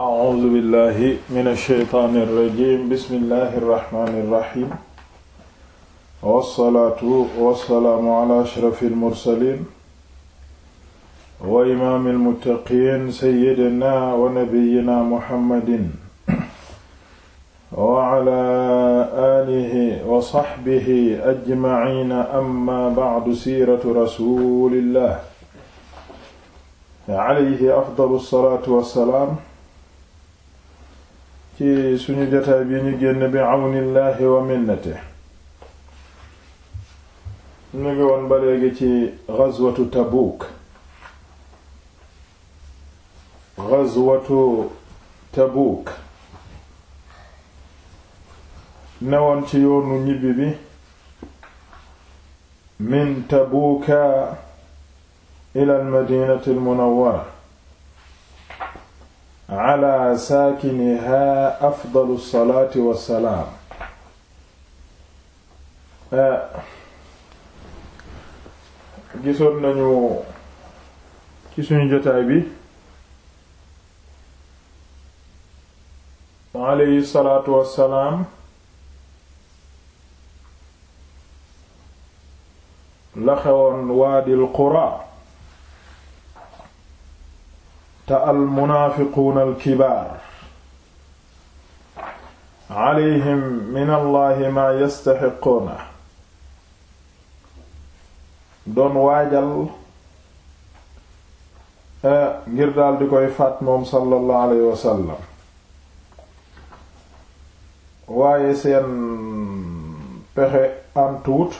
a'uuzu billahi mina shaytaani rajiim bismillahi rahmaani rahiim wassalaatu wassalaamu ala ashrafil mursaliin wa imaamil muttaqiin sayyidinaa wa nabiyyinaa muhammadin wa ala aalihi wa saxbihi ajmaciina amma bacdu siiratu rasuulillah alayhi afdalu salaatu wassalaam ci suñu jotaay bi ñu génn bi àwnillaahi wa minnati ñu ngi woon ba léegi ci ghazwatu Tabuuk ghazwatu Tabuuk newoon ci yoonu ñibbi bi min Tabuuka ila al madinati ala saakiniha afdalu salaati wassalaam gisoon nañu ci suñu jotaay bi alayhi salaatu salaam la xewoon waadil qura ta almunaafiquuna alkibaar alayhim min allahi maa doon waajal eh, ngir daal di koy faat moom sallallahu alayhi wasallam waaye seen pexe antuwut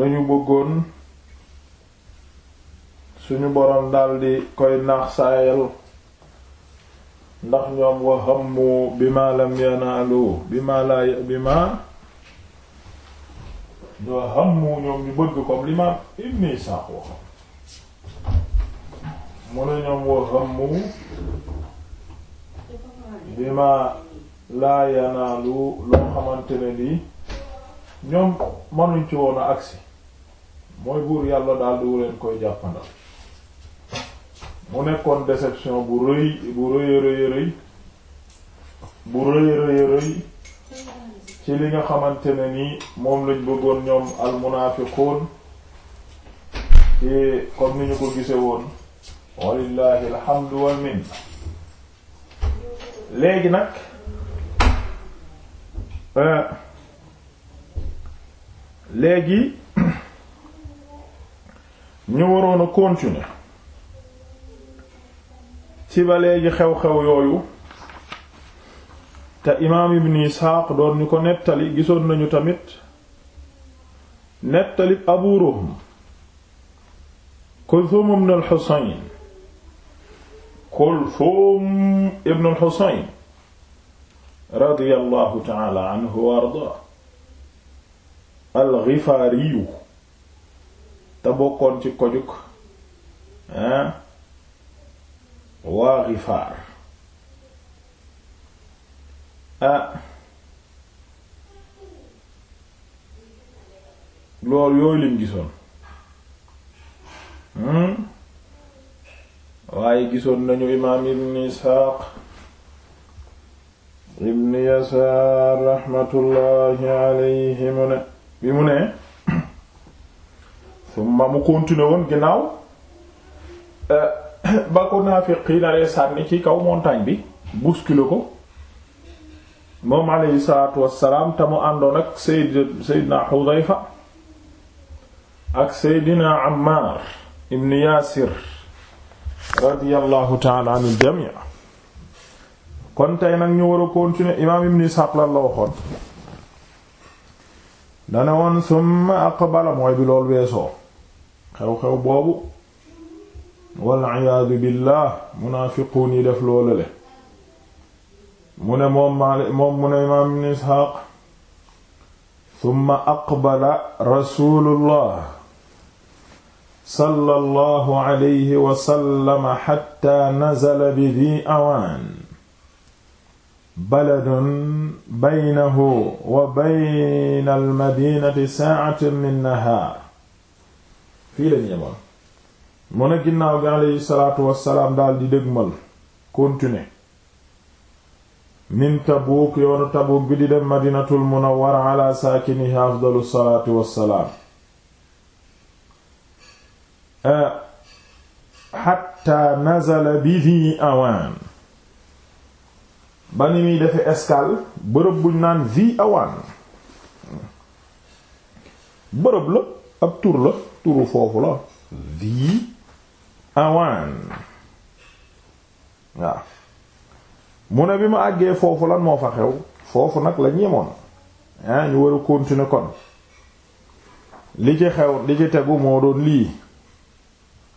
lañu bëggoon suñu boroom daldi koy naax saayal ndax ñoom wa hammu bima lam yanaalu bima la bima wa hammu ñoom ñu bëgg comme l'imam Ibn Isaaq waxam mu ne ñoom wa hammu bima la yanaalu loo xamante ne lii ñoom mënuñ ci woon agsi mooy buur yàlla daldi wu leen koy jàppandal mu nekkoon déception bu rëy bu rëy rëy rëy bu rëy rëy rëy ci li nga xamante ne nii moom lañ bëggoon ñoom almunaafiqun ci comme ni ñu ko gise woon walillahi alhamdu wal minna léegi nag euh, léegi ñu waroon a continuer si ba léegi xew-xew yooyu te imaam ibn isxaaq doon ñu ko nettali gisoon nañu tamit nettali abu ruhm kulthum ibn al-husayn kulthum ibn al-husayn radiyallahu ta'ala anhu wa ardaa al-ghifaariyu te bokkoon ci kojuk ah waa Gifaar ah loolu yooyu lañ gisoon hmm? waaye gisoon nañu imaam Ibn Isxaaq Ibn Yasaar raxmatullaahi alayhi mu ne bi mu ne summa mu continué woon ginnaaw eh, ba ko naafiqi naree sànni ci kaw montagne bi bousculé ko moom alayhi salaatu wassalaam te mu àndoon ak sayyid sayyidina Xudayfa ak sayyidina Ammaar ibn Yaasir radiyallahu ta'ala anil jamii kon tey nag ñu war a continuer imaam ibn Isaaq lan la waxoon dana woon summa aqbala mooy bi loolu weesoo xew-xew boobu waliyaadu billah munaafiquun yi def loolu le mu ne moom maali moom mu ne imaam ibn isxaaq summa aqbala rasulullah sallallahu alayhi wa sallam xatta nazala bi di awaan baladun baynahu wa bayna almadinati saa'atun min nahaar fii lañu yemoon mu ne ginnaaw gi aleyhi salaatu wassalaam daal di dëgmal continuer min tabuuk yoonu tabuuk bi di dem madinatul munawwara ala saakinihi afdalu salaatu wassalaam xatta nazala bi Dhi Awaan ba ni muy defe escale bërëb buñ naan Dhi Awaan bërëb la ab tur la turu foofu la awaan mu ne bi ma àggee foofu lan moo fa xew foofu nag la ñemoon ah ñu war a kon li ci xew li ci tegu moo doon lii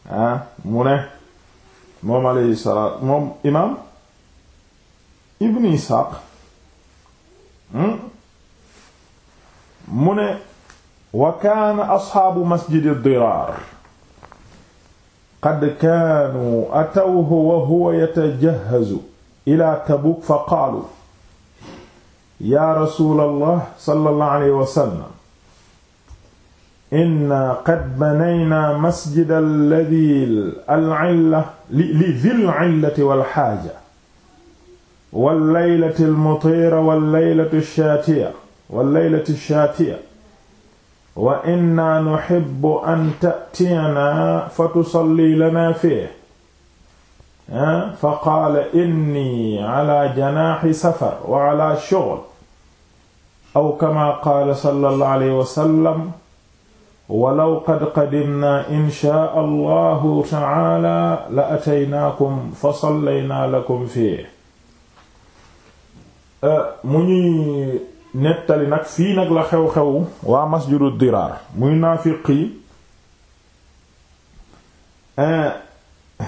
ah mu ne moom alayhi salaat moom imaam ibn Isaaq hmm? mu ne wa kaana asxaabu masjidi diraar qad kaanu atawhu wa huwa yatajahhazu ila Tabuk fa qaalu yaa rasuulallah sallallahu alayhi wa sallam inna qad banaynaa masjida alladii al-'illa li dhil-'illati wal-haaja wal-laylati al-mutiira wal-laylati ash-shaatiya wal-laylati ash-shaatiya wa inna nuhibbu an ta'tiyana fa tusalli lana fihi fa qaala inni ala janaahi safar wa ala shughul aw kama qaala sallallahu alayhi wa sallam walaw qad qadimna in shaa allahu ta'ala la ataynaakum fa sallaynaa lakum fihi mu ñuy nettali nag fii nag la xew-xew waa masjidu diraar muy naafiq yi eh,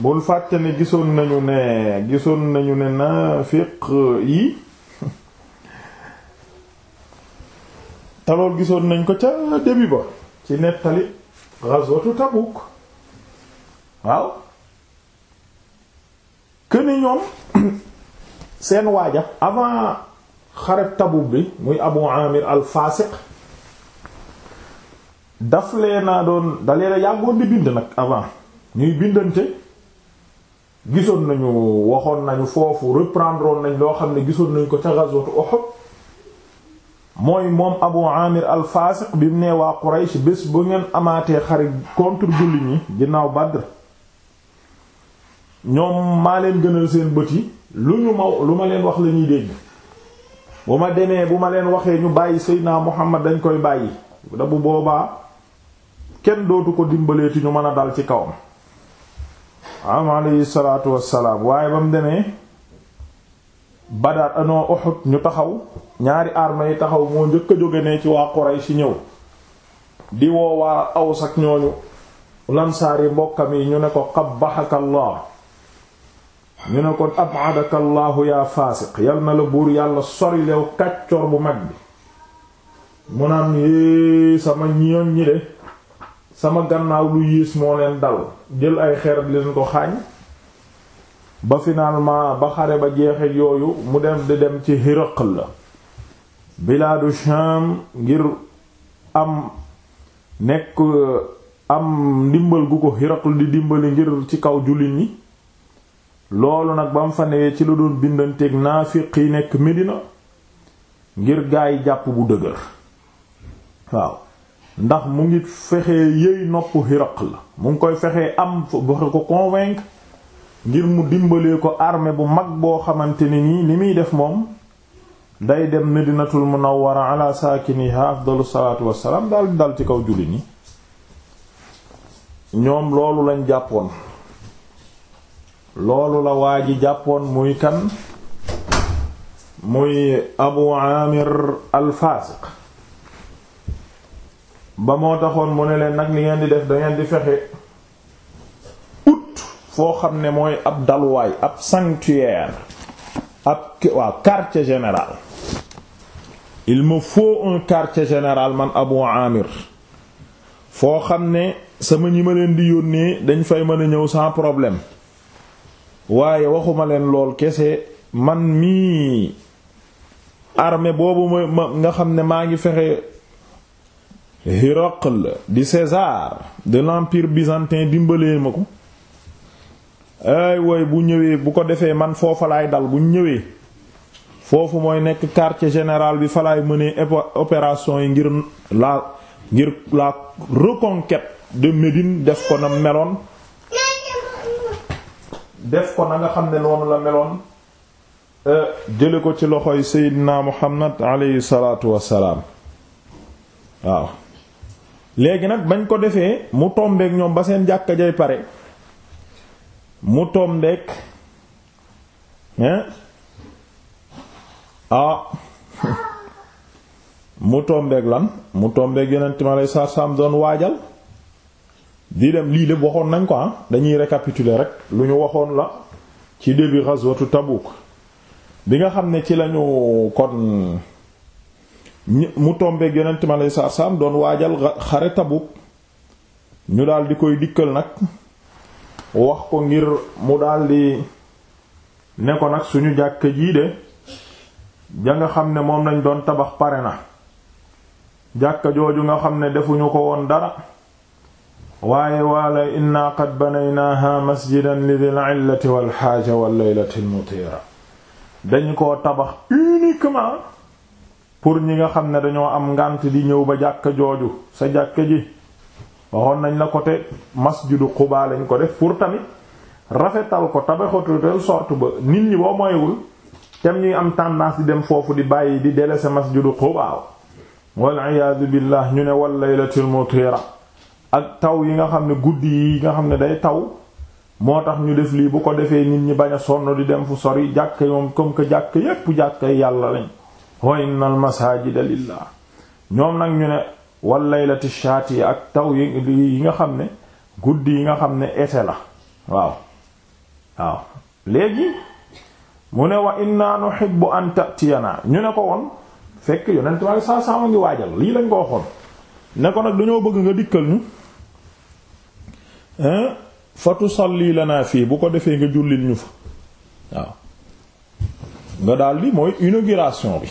bul fàtte gisoon nañu ne gisoon nañu ne naafiq yi talool gisoon nañ ko ca début ba ci nettali ghazwatu Tabuk waaw këni ñoom seen waaja avant xare Tabuk bi muy Abu Amir al-Fasiq daf lee naa doon dalee na yàggoon di bind nag avant ñuy bindante gisoon nañu waxoon nañu foofu reprendre nañ loo xam ne gisoon nañu ko ca ghazwat Uhud mooy moom Abu Amir al-Fasiq bi mu nee waa Quraysh bés bu ngeen amaatee xare contre jullit ñi ginnaaw Badr ñoom maa leen gënal seen bët yi lu ñu ma lu ma leen wax la ñuy dégg bu ma demee bu ma leen waxee ñu bàyyi Seydina Muhammad dañ koy bàyyi da bu boobaa kenn dootu ko dimbaleeti ñu mën a dal ci kawam am alayhi salaatu wassalaam waaye ba mu demee Badar anoo Uhud ñu taxaw ñaari armée yi taxaw moo njëkk a jóge ne ci waa ci ñëw di woo waa Aws ak ñooñu lansaar mbokkam yi ñu ne ko qabbahaka Allah ñu ne kon ab'adaka allahu yaa faasiq yal na la buur yàlla sori lew kàccoor bu mag bi mu naan sama ñoon de sama gannaaw lu yiis moo leen dal jël ay xeer leen ko xaañ ba finalement ba xare ba jeexe yooyu mu dem di dem ci Hiraql la bilaadu Sham ngir am nekk am ndimbal gu ko Hiraql di dimbali ngir ci kaw jullit ñi loolu nag ba mu fa newee ci la doon bindanteeg naafiq yi nekk Medina ngir gaa yi jàpp bu dëgër waaw ndax mu ngi fexee yëy nopp Hiraql la mu ngi koy fexee am ba ko convaincre ngir mu dimbalee ko armée bu mag boo xamante ne nii li muy def moom day dem Medinatul Munawwara ala saakiniha afdalu salaatu wassalaam di dal ci kaw julli ni ñoom loolu lañ jàppoon loolu la waa ji jàppoon muy kan muy abu amir alfaasiq ba moo taxoon mu ne leen nag li ngeen di def dangeen di fexe ut foo xam ne mooy ab dalwaay ab sanctuaire ab waaw quartier général il me faut un quartier général man abu amir foo xam ne sama ñi ma leen di yónnee dañ fay mën a ñëw sans problème waaye waxuma leen lool kese man mii armée boobu ma nga xam ne maa ngi fexe Héracle di César de l'empire byzantin dimbalee ma ko ay woy bu ñëwee bu ko defee man foofa dal bu ñëwee foofu mooy nekk quartier général bi falaay mënee opération yi ngir la ngir la reconquête de Médine def ko na meloon def ko na nga xam ne noonu la meloon e, jële ko ci loxo loxoy seydina muhammad aleyhi salaatu wassalaam waaw léegi nag bañ ko defee mu tombeek ñoom ba seen jàkka jay pare mu tombeek hein ah mu tombeek lan mu tombeek yonent mi aleyhi salaatu wassalaam doon waajal di dem lii lépp waxoon nañ ko ah dañuy récapituler rek lu ñu waxoon la ci début ghazwatu Tabuk bi nga xam ne ci lañu kon mu tombeeg yonent mi alayhi salaatu salaam doon waajal xare Tabuk ñu daal di koy dikkal nag wax ko ngir mu daal di ne ko nag suñu jàkk jii de ja nga xam ne moom lañ doon tabax pare na jàkka jooju nga xam ne defuñu ko woon dara waaye waala inna qad banaynaaha masjidan li dil illati wal xaaja wal laylati al mutira dañ ko tabax uniquement pour ñi nga xam ne dañoo am ngànt di ñëw ba jàkk jooju sa jàkk ji waxoon nañ la côté masjidu Quba lañ ko def pour tamit rafetal ko tabaxatutel sorte ba nit ñi boo moywul tem ñuy am tendance di dem foofu di bàyyi di délaisser masjidu Quba wal iyaadu billah ñu ne wal laylatil mutira ak taw yi nga xam ne guddi yi nga xam ne day taw moo tax ñu def lii bu ko defee nit ñi bañ a sonn di dem fu sori jàkk moom comme que jàkk yépp jàkk yàlla lañ wa innal masajida lillah ñoom nag ñu ne wal laylati shaati ak taw yi nga xam ne guddi yi nga xam ne été la waaw waaw léegi mu ne wax naa wa inna bu an ta'tiyana ñu ne ko woon fekk yonent ma saa saa ma ngi waajal lii lañ ko waxoon ne ko nag dañoo bëgg nga dikkal ñu fa la naa fii bu ko defee nga jullil ñu fa waaw nga daldi mooy inauguration bi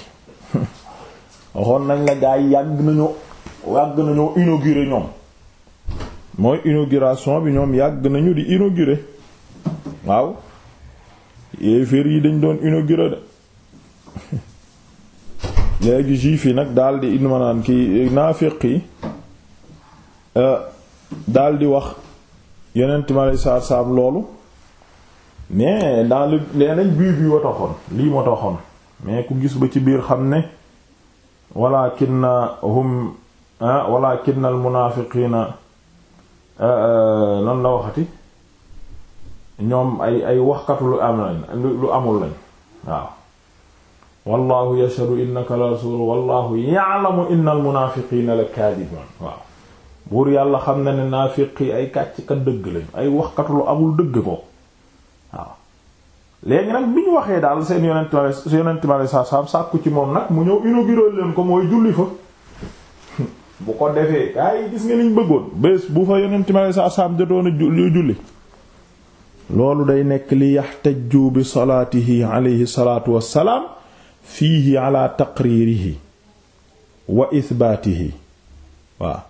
waxoon nañ la gaa yi yàgg nañoo yàgg nañoo inaugurer ñoom mooy inauguration bi ñoom yàgg nañu di inaugurer waaw yéeféer yi dañ doon inaugurer de léegi juif yi nag daldi in manaan ki naafiq yi euh, daldi wax yonent ma lay saar saam loolu mais dans le nee nañ bii bii wa taxoon lii ma taxoon mais ku gis ba ci biir xam ne walakinna hum ah, walakinna al munaafiqiina ah, ah, nan la waxati ñoom ay ay waxkat lu am lañ lu amul lañ waaw wallahu yashhadu innaka la rasul wallahu ya'lamu inna al la kaadibuun waaw buur yàlla xam na ne naafiq yi ay kàcckat dëgg lañ ay waxkat lu amul dëgg ko waaw léegi nag bi ñu waxee daal seen yonent seen yonent sa saam sàkku ci moom nag mu ñëw inaugurer leen ko mooy julli fa bu ko defee gaa yi gis nga niñ bëggoon bés bu fa yonent ma sa saam jotoon a julli loolu day nekk li yaxtaju bi salaatihi alayhi salaatu wassalaam fiihi ala taqriirihi wa ithbaatihi waaw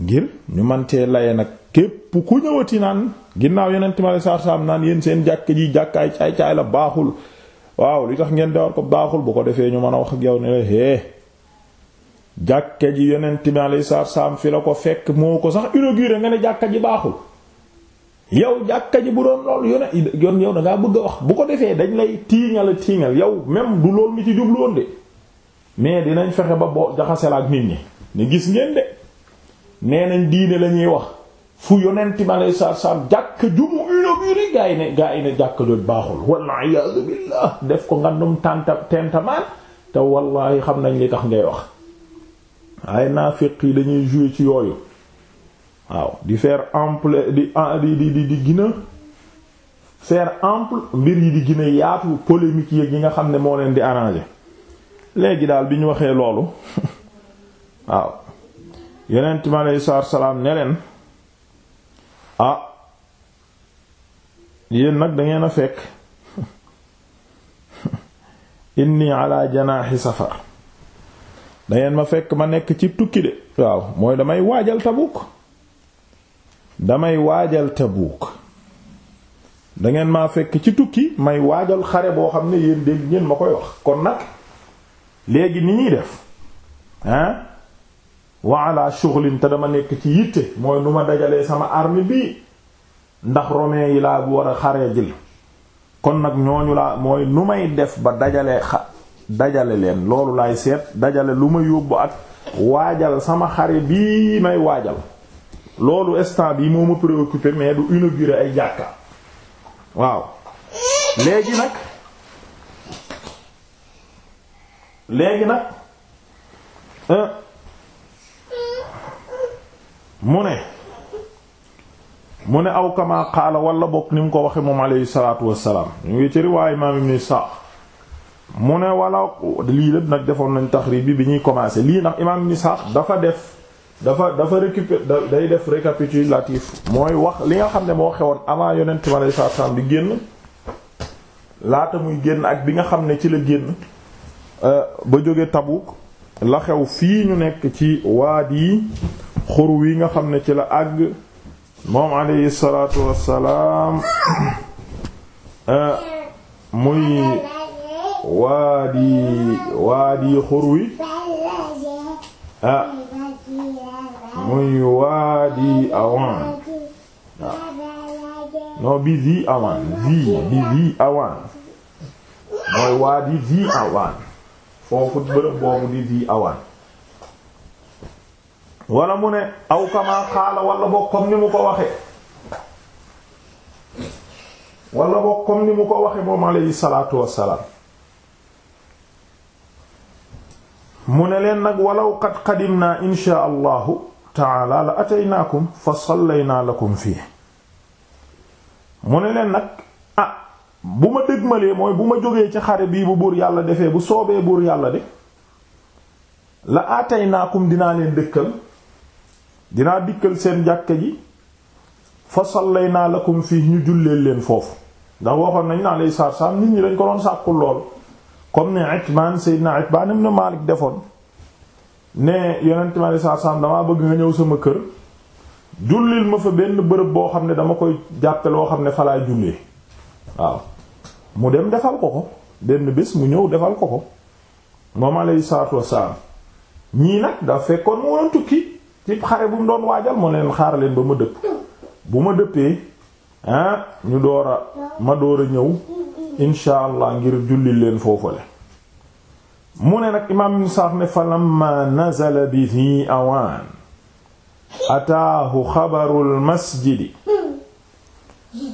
ngir ñu mantee laye nag képp ku ñëwati naan ginnaaw yonent mi saa saam naan yéen seen jàkk ji jàkkaay caay caay la baaxul waaw li tax ngeen dawar ko baaxul bu ko defee ñu mën a wax ak yow ne la hee jàkka ji yeneen mi alayhi salaatu salaam fi la ko fekk moo ko sax inauguré nga ne jàkka ji baaxul yow jàkka ji bu doon lool yone yon yow da ngaa bëgg a wax bu ko defee dañ lay tiiñal tiiñal yow même du lool mi ci jubluwoon de mais dinañ fexe ba boo jaxasel ak nee nañ diine lañuy wax fu yonent bi aleyhi salaatu salaam jàkk ju mu inauguré gaa yi ne gaa yi ne jàkk jooju baaxul walla iyaazu billaah def ko ngandum tànta tentamaan te wallaahi xam nañ li tax ngay wax waaye naafiq yi dañuy jouer ci yooyu waaw di faire ample ah, di di di gina faire ample mbir yi di gina yaatu polémique yeeg yi nga xam ne moo leen di arranger léegi daal bi ñu waxee loolu waaw yonent mi aleyhi salaatu salaam ne leen ah yéen nag dangeen a fekk inni ala janaaxi safar dangeen ma fekk ma nekk ci tukki de waaw mooy damay waajal tabuuk damay waajal tabuuk dangeen maa fekk ci tukki may waajal xare boo xam ne yéen dégg ngeen ma koy wax kon nag léegi ni ñuy def ah wa ala shughlin te dama nekk ci yitte mooy nu ma dajalee sama arme bii ndax romain yi laa bu war a xaree jël kon nag ñooñu laa mooy nu may def ba dajale xa dajale leen loolu laay seet dajale lu ma yóbbu ak waajal sama xare bii may waajal loolu instant bii moo ma préoccupé mais du inaugurer ay jàkka waaw léegi nag léegi nag euh, mu ne mu ne aw kama qaala wala bokk ni mu ko waxe moom alayhi salaatu wassalaam ñu ngi ci riwaayu imaam ibn Isaaq mu ne wala lii lépp nag defoon nañu taxriib bi bi ñuy commencé lii ndax imaam ibn Isaaq dafa def dafa dafa récupérer day def récapitulatif mooy wax li nga xam ne moo xewoon avant yonent mi alayhi salaatu wassalaam di génn laata muy génn ak bi nga xam ne ci la génn euh, ba jóge Tabuk la xew fii ñu nekk ci waadi xur wi nga xam ne ci la àgg moom alayhi salaatu wassalaam eh, muy waadi waadi xur wi eh, muy waadi awan waaw non bi zi awan zi bi zi awan mooy waadi zi awan foofu bërëb boobu di zi awan wala mu ne aw kama xaala wala boog kom ni mu ko waxe wala boog comme ni mu ko waxe moom alayhi salaatu wassalaam mu ne leen nag walaw qad qadimna insha allahu taala la ataynaakum fa sallaynaa lakum fii mu ne leen nag a ah bu ma dëgmalee mooy bu ma jógee ci xare bii bu buur yàlla defee bu soobee buur yàlla de la ataynaakum dinaa leen dëkkal dinaa dikkal seen jàkka ji fa sallaynaa lakum fii ñu jullee leen foofu ndax waxoon nañ naa lay saar saam nit ñi dañ ko doon sàkkul lool comme ne Itbaan Seydina Itbaan ibn Maalik defoon ne yonent ma lay saar saam damaa bëgg nga ñëw sama kër jullil ma fa benn bërëb boo xam ne dama koy jàppe loo xam ne falaay jullee waaw mu dem defal ko ko benn bis mu ñëw defal ko ko moom alayhi salaatu wassalaam ñii nag da fekkoon mu woon tukki ci xare bu mu doon waajal mu leen xaaraleen ba ma dëpp bu ma dëppee ah, ñu door a ma door a ñëw insha allah ngir julli leen foofale mu ne nag imaam ibn Sa'd ne falamma nazala bi Dhi Awaan ataahu xabarul masjidi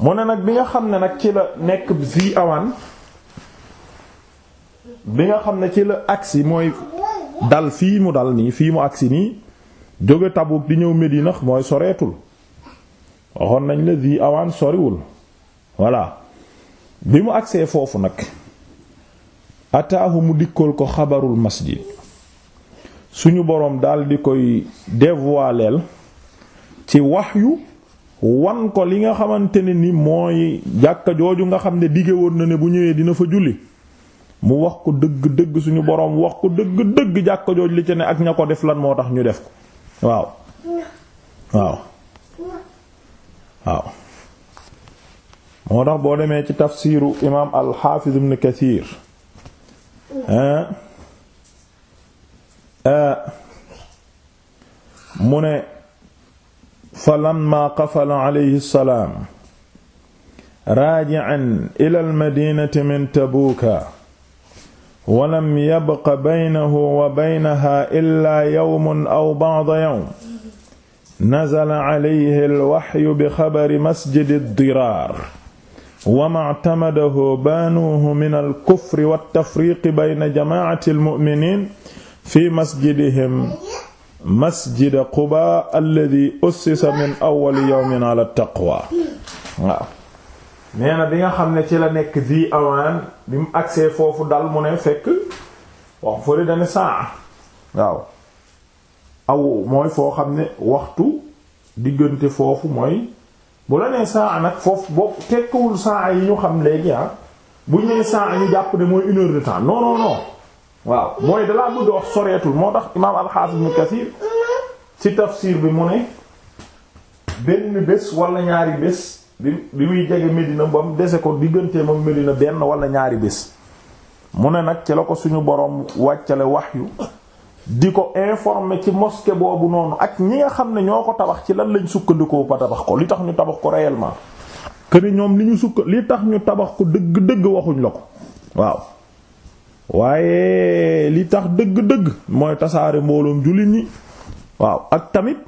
mu ne nag bi nga xam ne nag ci la nekk bi Dhi Awaan bi nga xam ne ci la agsi mooy dal fii mu dal nii fii mu agsi nii jóge Tabuk di ñëw Medina mooy soreetul waxoon nañ la di awaan soriwul voilà bi mu agsee foofu nag ataahu mu dikkal ko xabarul masjid suñu boroom dal di koy dévoileel ci wahyu wan ko li nga xamante ne ni mooy jàkka jooju nga xam ne dige woon na ne bu ñëwee dina fa julli mu wax ko dëgg dëgg suñu boroom wax ko dëgg dëgg jàkka jooju li ci ne ak ña ko def lan moo tax ñu def ko waaw waaw waaw moo tax boo demee ci tafsiru imaam al-Hafiz ibn Kathir mu ne falamma qafala alayhi salaam raaji'an ila al-madinati min Tabuka walam yabqa baynahu wa baynaha illa yawmun aw ba'da yawm nazala alayhi alwaxyu bi xabari masjidi diraar wa mactamadahu baanuuhu min alkufri waltafriqi bayna jamaacati almuminin fi masjidihim masjida quba alladi ussisa min awwali yawmin ala taqwa waaw nee na bi nga xam ne ci la nekk zi awan bi mu agsee foofu dal mu ne fekk wax fële dane saa waaw aw mooy foo xam ne waxtu diggante foofu mooy bu la nee saa nag foofu boo tekkiwul saa yi ñu xam léegi ah bu ñu nee saa ñu jàpp ne mooy une heure de temps non non non waaw mooy dalaa bëgg wax soreetul moo tax imaam al-Hafiz Ibn ci tafsir bi mu ne benn bés wala ñaari bés bi bi muy jege Medina ba mu dese ko digganteem ak Medina benn wala ñaari bés mu ne nag ci la ko suñu borom wàccale wax yu di ko informer ci mosquée boobu noonu ak ñi nga xam ne ñoo ko tabax ci lan lañ sukkandikoo ba tabax ko li tax ñu tabax ko réellement que ñoom li sukk li tax ñu tabax ko dëgg-dëgg waxuñ la ko waaw waaye li tax dëgg-dëgg mooy tasaare mbooloom jullit ñi waaw ak tamit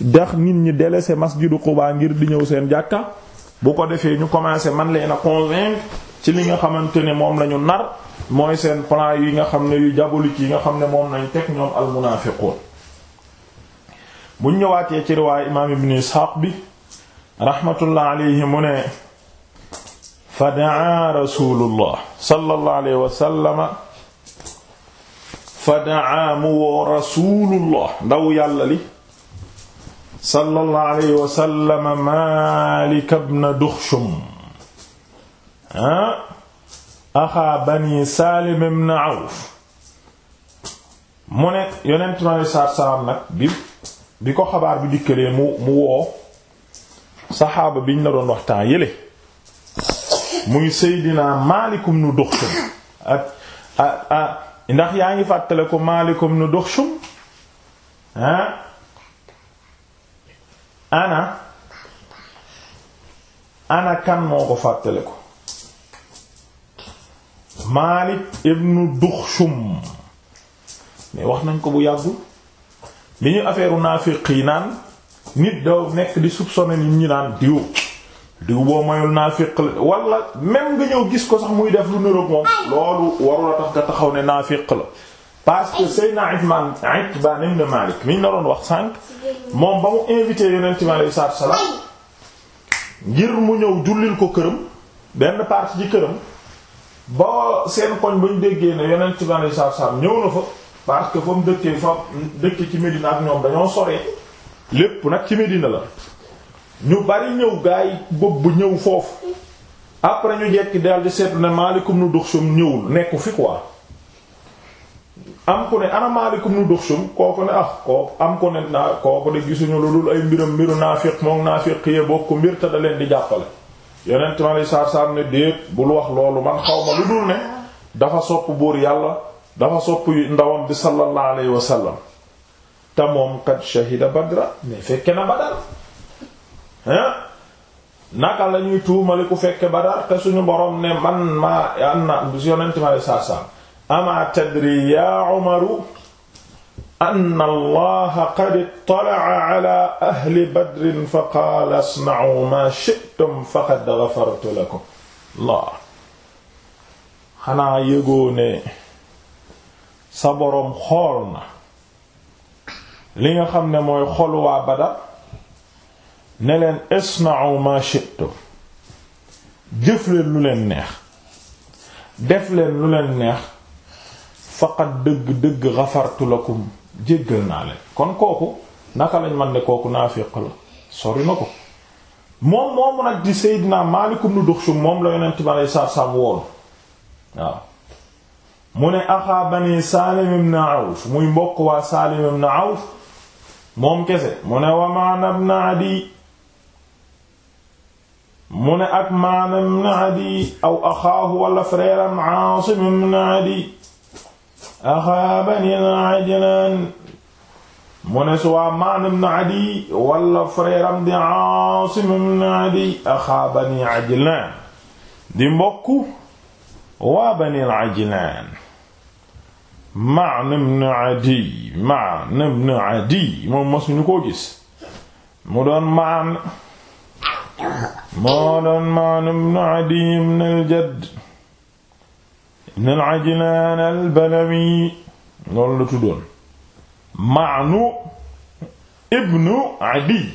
ndax nit ñi délaissé masjidu Quba ngir di ñëw seen jàkka bu ko defee ñu commencé man leen a convaincre ci li nga xamante ne moom lañu ñu nar mooy seen plan yi nga xam ne yu diabolique yi nga xam ne moom lañ teg ñoom almunaafiqun buñ ñëwaatee ci riwaay imaam ibn Isxaaq bi rahmatullah alayhi mu ne fa daa rasulullah sallallahu alayhi wa sallama ndaw yàlla li sallallahu alayhi wa sallam Maalik ibn Duxshum ah axaa bani Saalim ibn Awf mu ne yonent mi alayhi salaam nag bi ko xabaar bi dikkalee mu woo saxaaba biñ la doon waxtaan yële muy Seydina Maalik ibn Duxshum ak ah ah ndax yaa ngi fàttale ko Maalik ibn Duxshum ah ana ana kan moo ko fàttale ko Malik ibnu Duxshum mais wax nañ ko bu yàggul li ñuy affaire naafiq yi naan nit daw nekk di soupçonner nit ñi naan diw diw boo mayul naafiq la wala même nga ñëw gis ko sax muy def lu niroog moom loolu warula tax nga taxaw ne naafiq la parce que Seydina Itbaan Itbaan ibn Maalik mi ñu doon wax sànq moom ba mu invité Yonent bi alayhi salaatu wa salaam ngir mu ñëw jullil ko këram benn partie ci këram boo seen koñ ba ñu déggee ne Yonent bi a salaatu salaam ñëw na fa parce que fa mu dëkkee fa dëkk ci Médina ak ñoom dañoo soree lépp nag ci Médina la ñu bari ñëw gaay bopp bu ñëw foofu après ñu jekki daal di seetlu ne Maalik ibn Duxsum ñëwul nekku fi quoi. am ku ne ana Maalik ibn Duxsum kooku ne ah kooku am ku ne naa kooku de gisuñu lu dul ay mbiram mbiru naafiq moom naafiq yee bokk mbir te da leen di jàppale yonent ma lay saar saar ne déet bul wax loolu man xaw ma lu dul ne dafa sopp buur yàlla dafa sopp ndawam di sallallahu alayhi wa sallam te moom kat shahida badra ne fekke na badar hein naka lañuy tuumali ku fekke badar te suñu borom ne man maa am na yonent ma lay saar ama tadri yaa umaru anna allaha qad ittala'a ala ahli badrin fa qaala asna'u maa shi'tum faqad ghafartu lakum laa xanaa yëgoo ne sa boroom xool na li nga xam ne mooy xol waa Badar ne leen isna'u maa shi'tum jëf leen lu leen neex def lu leen neex faqat dëgg dëgg xafartu jéggal naa leen kon kooku naka lañ man ne kooku naafiq la sori na ko moom moomu nag di Seydina Maalik ibn Duxsum moom la yonent bi aleyhi salaatu mbokk waa Saalim ibn moom kese mu ne wa Maana ibn Adi mu ne ak Maana ibn Adi aw axaahu wala frère am Aasim ibn axaa bani Ajlaan mu ne su waa Ma'n ibn Adiy wala frère di Aasim ibn Adiy axaa bani di mbokku waa bani Ajlaan Ma'n ibn Adiy Ma'n ibn Adiy moom masuñu koo gis doon Ma'n moo doon Ma'n ibn Adiy ibn al-Jadd ibn al-Ajlaan al-Balawi loolu la tuddoon Ma'nu ibnu Adiy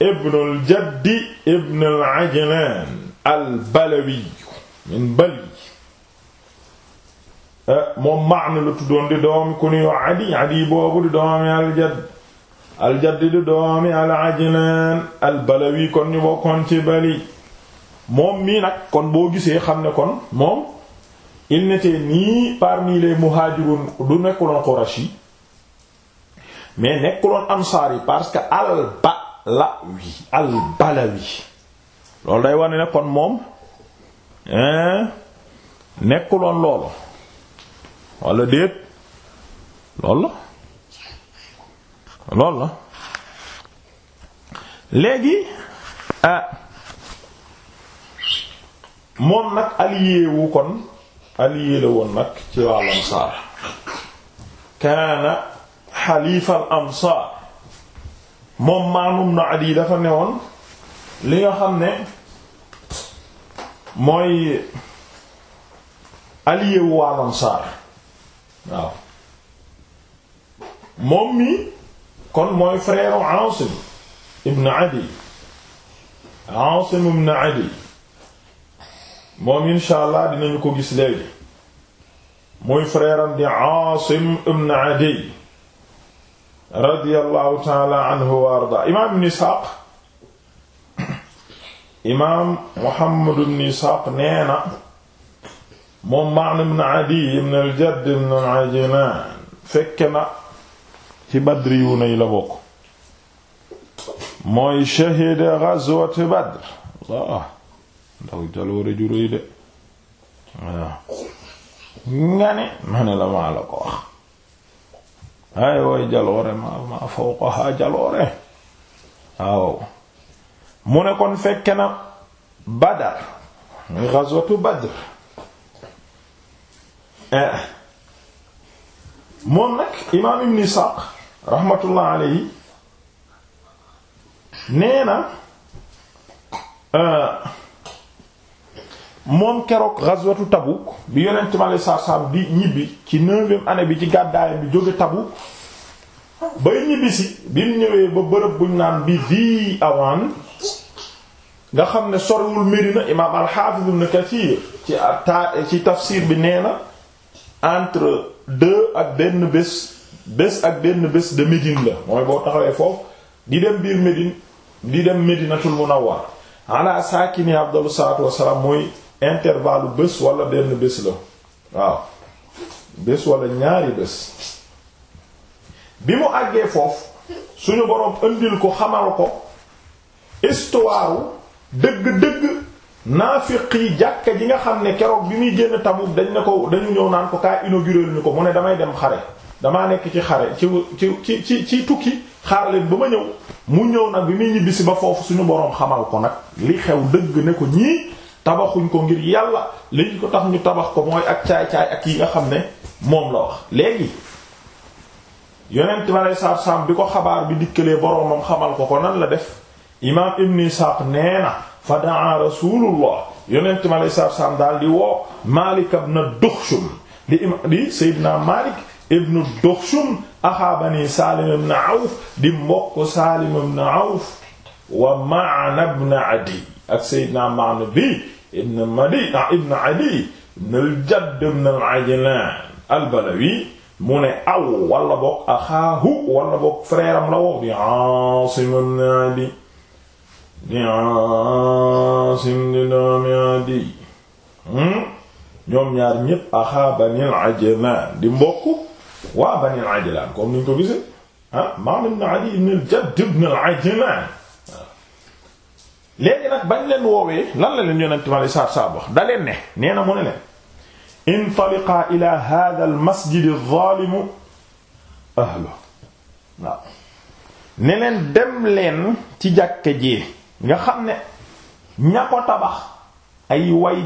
ibnu al-Jaddi ibnu al-Ajlaan al-Balawi min Bali eh, moom Ma'nu la tuddoon di doomi ku nuy Adiy Adiy boobu di doomi al-Jadd al-Jadd di doomi al-Ajlaan al-Balawi kon ñu bokkoon ci Bali moom mii nag kon boo gisee xam ne kon moom il n'était ni parmi les muhajirun du nekkuloon Qurashi mais nekkuloon ansaar yi parce que al-Balawi al loolu day wane ne kon moom nekkuloon loolu walla déet loolu loolu léegi ah, moom nag allié kon allié la woon nag ci waa Ansaar kaana xaliifal Ansaar moom maanum na at yi dafa newoon li nga xam ne mooy allié wu waa Ansaar waaw moom mi kon mooy frère Aasim ibn Adi Aasim ibn Adi moom insha allah dinañu ko gis léegi muy frère am di Aasim ibn Adiy radiyallahu taala anhu wa arda imaam ibn Isxaaq imaam Muhammad ibn Isxaaq nee na moom Ma'n ibn Adiy ibn al-Jadd ibn al-Ajlaan fekke na ci Badri yu nay la bokk mooy shahida ghazwat Badr Allah ndaw jaloore ju rëy de waaw nga ne ma la maa la ko wax ay way jaloore ma ma fawqaha jaloore waaw mu ne kon fekke na badar muy ghazwatu badr eh. moom nag imaam ibn Isaaq rahmatullah alayhi nee na eh, moom keroog ghazwatu Tabuk bi yonent mi alayhi salaatu salaam ñibbi ci neuvième année bi ci gàddaayam bi jóge Tabuk bay bi mu ñëwee ba bërëb buñ naan bi di awaan nga xam ne sorwul Medina imaam al-Hafiz Ibn ci ta ci tafsir bi nee na entre deux ak benn bés bés ak benn bés de Médine la mooy boo taxawee foofu di dem biir Médine di dem Médinatul Munawwar ala saakini afdalu salaatu wassalaam mooy intervalle bés wala benn bés la waaw bés wala ñaari bés bi mu àggee foofu suñu boroom ëndil ko xamal ko histoire dëgg-dëgg naafiq yi jàkka ji nga xam ne keroog bi muy génn Tabuk dañ ne ko dañu ñëw naan ko kaa inaugurer ñu ko mu ne damay dem xare damaa nekk ci xare ci ci ci ci tukki xaar ba ma ñëw mu ñëw nag bi muy ñibbisi ba foofu suñu boroom xamal ko nag li xew dëgg ne ko ñii tabaxuñ ko ngir yàlla liñ ko tax ñu tabax ko mooy ak caay-caay ak yi nga xam ne moom la wax léegi yonent ma lay saab-saam bi ko xabaar bi dikkalee boroomam xamal ko ko nan la def imaam ibn Isaaq nee na fa daa rasulullah yonent ma saab-saam daal di woo Maalik ibn Duxshum di ima di Seydina Maalik ibn Duxshum axaa Saalim ibn Awf di mbokk Saalim ibn Awf wa Ma'an ibn Adi ak Seydina Ma'an bi ibn madi ah ibn al-jadd ibn al-ajlan al mu ne aw wala bokk axaahu wala bokk frère la wax di Aasim ibn Adi di Aasim di doomi Adi hmm? ñoom ñaar ñépp axaa Banil Ajlaan di mbokk waa Banil Ajlaan comme niñ ko gisee ah maam ibn Adi ibn al-Jadd ibn al-Ajlaan léegi nag bañ leen woowee lan la leen yonent ma lay saar saab wax da leen ne nee na mu ne leen intaliqaa ila hada al masjid az ne leen dem leen ci jàkka jee nga xam ne ña ko tabax ay way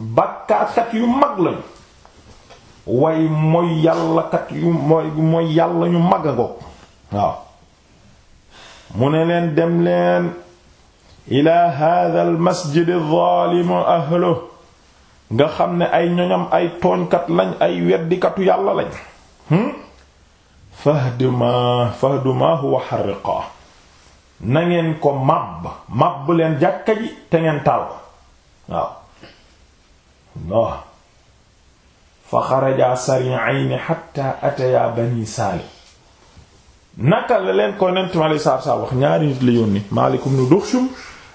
bàkkaarkat yu mag lañu way mooy yàllakat yu mooy mooy yàlla ñu mag a ngoog waaw mu ne leen dem leen ila hadha al masjid adh-dhalimu nga xam ne ay ñoñam ay tooñkat lañ ay weddikatu yàlla lañ hmm? fahduma fahdumaahu wa harriqa na ngeen ko màbb màbb leen jàkka ji te ngeen taal waaw Allah fa xarajaa sari'ayni hatta ataya bani saalim naka leen ko nent ma lay saar ñaari nit la yónni Maalik ibn Duxshum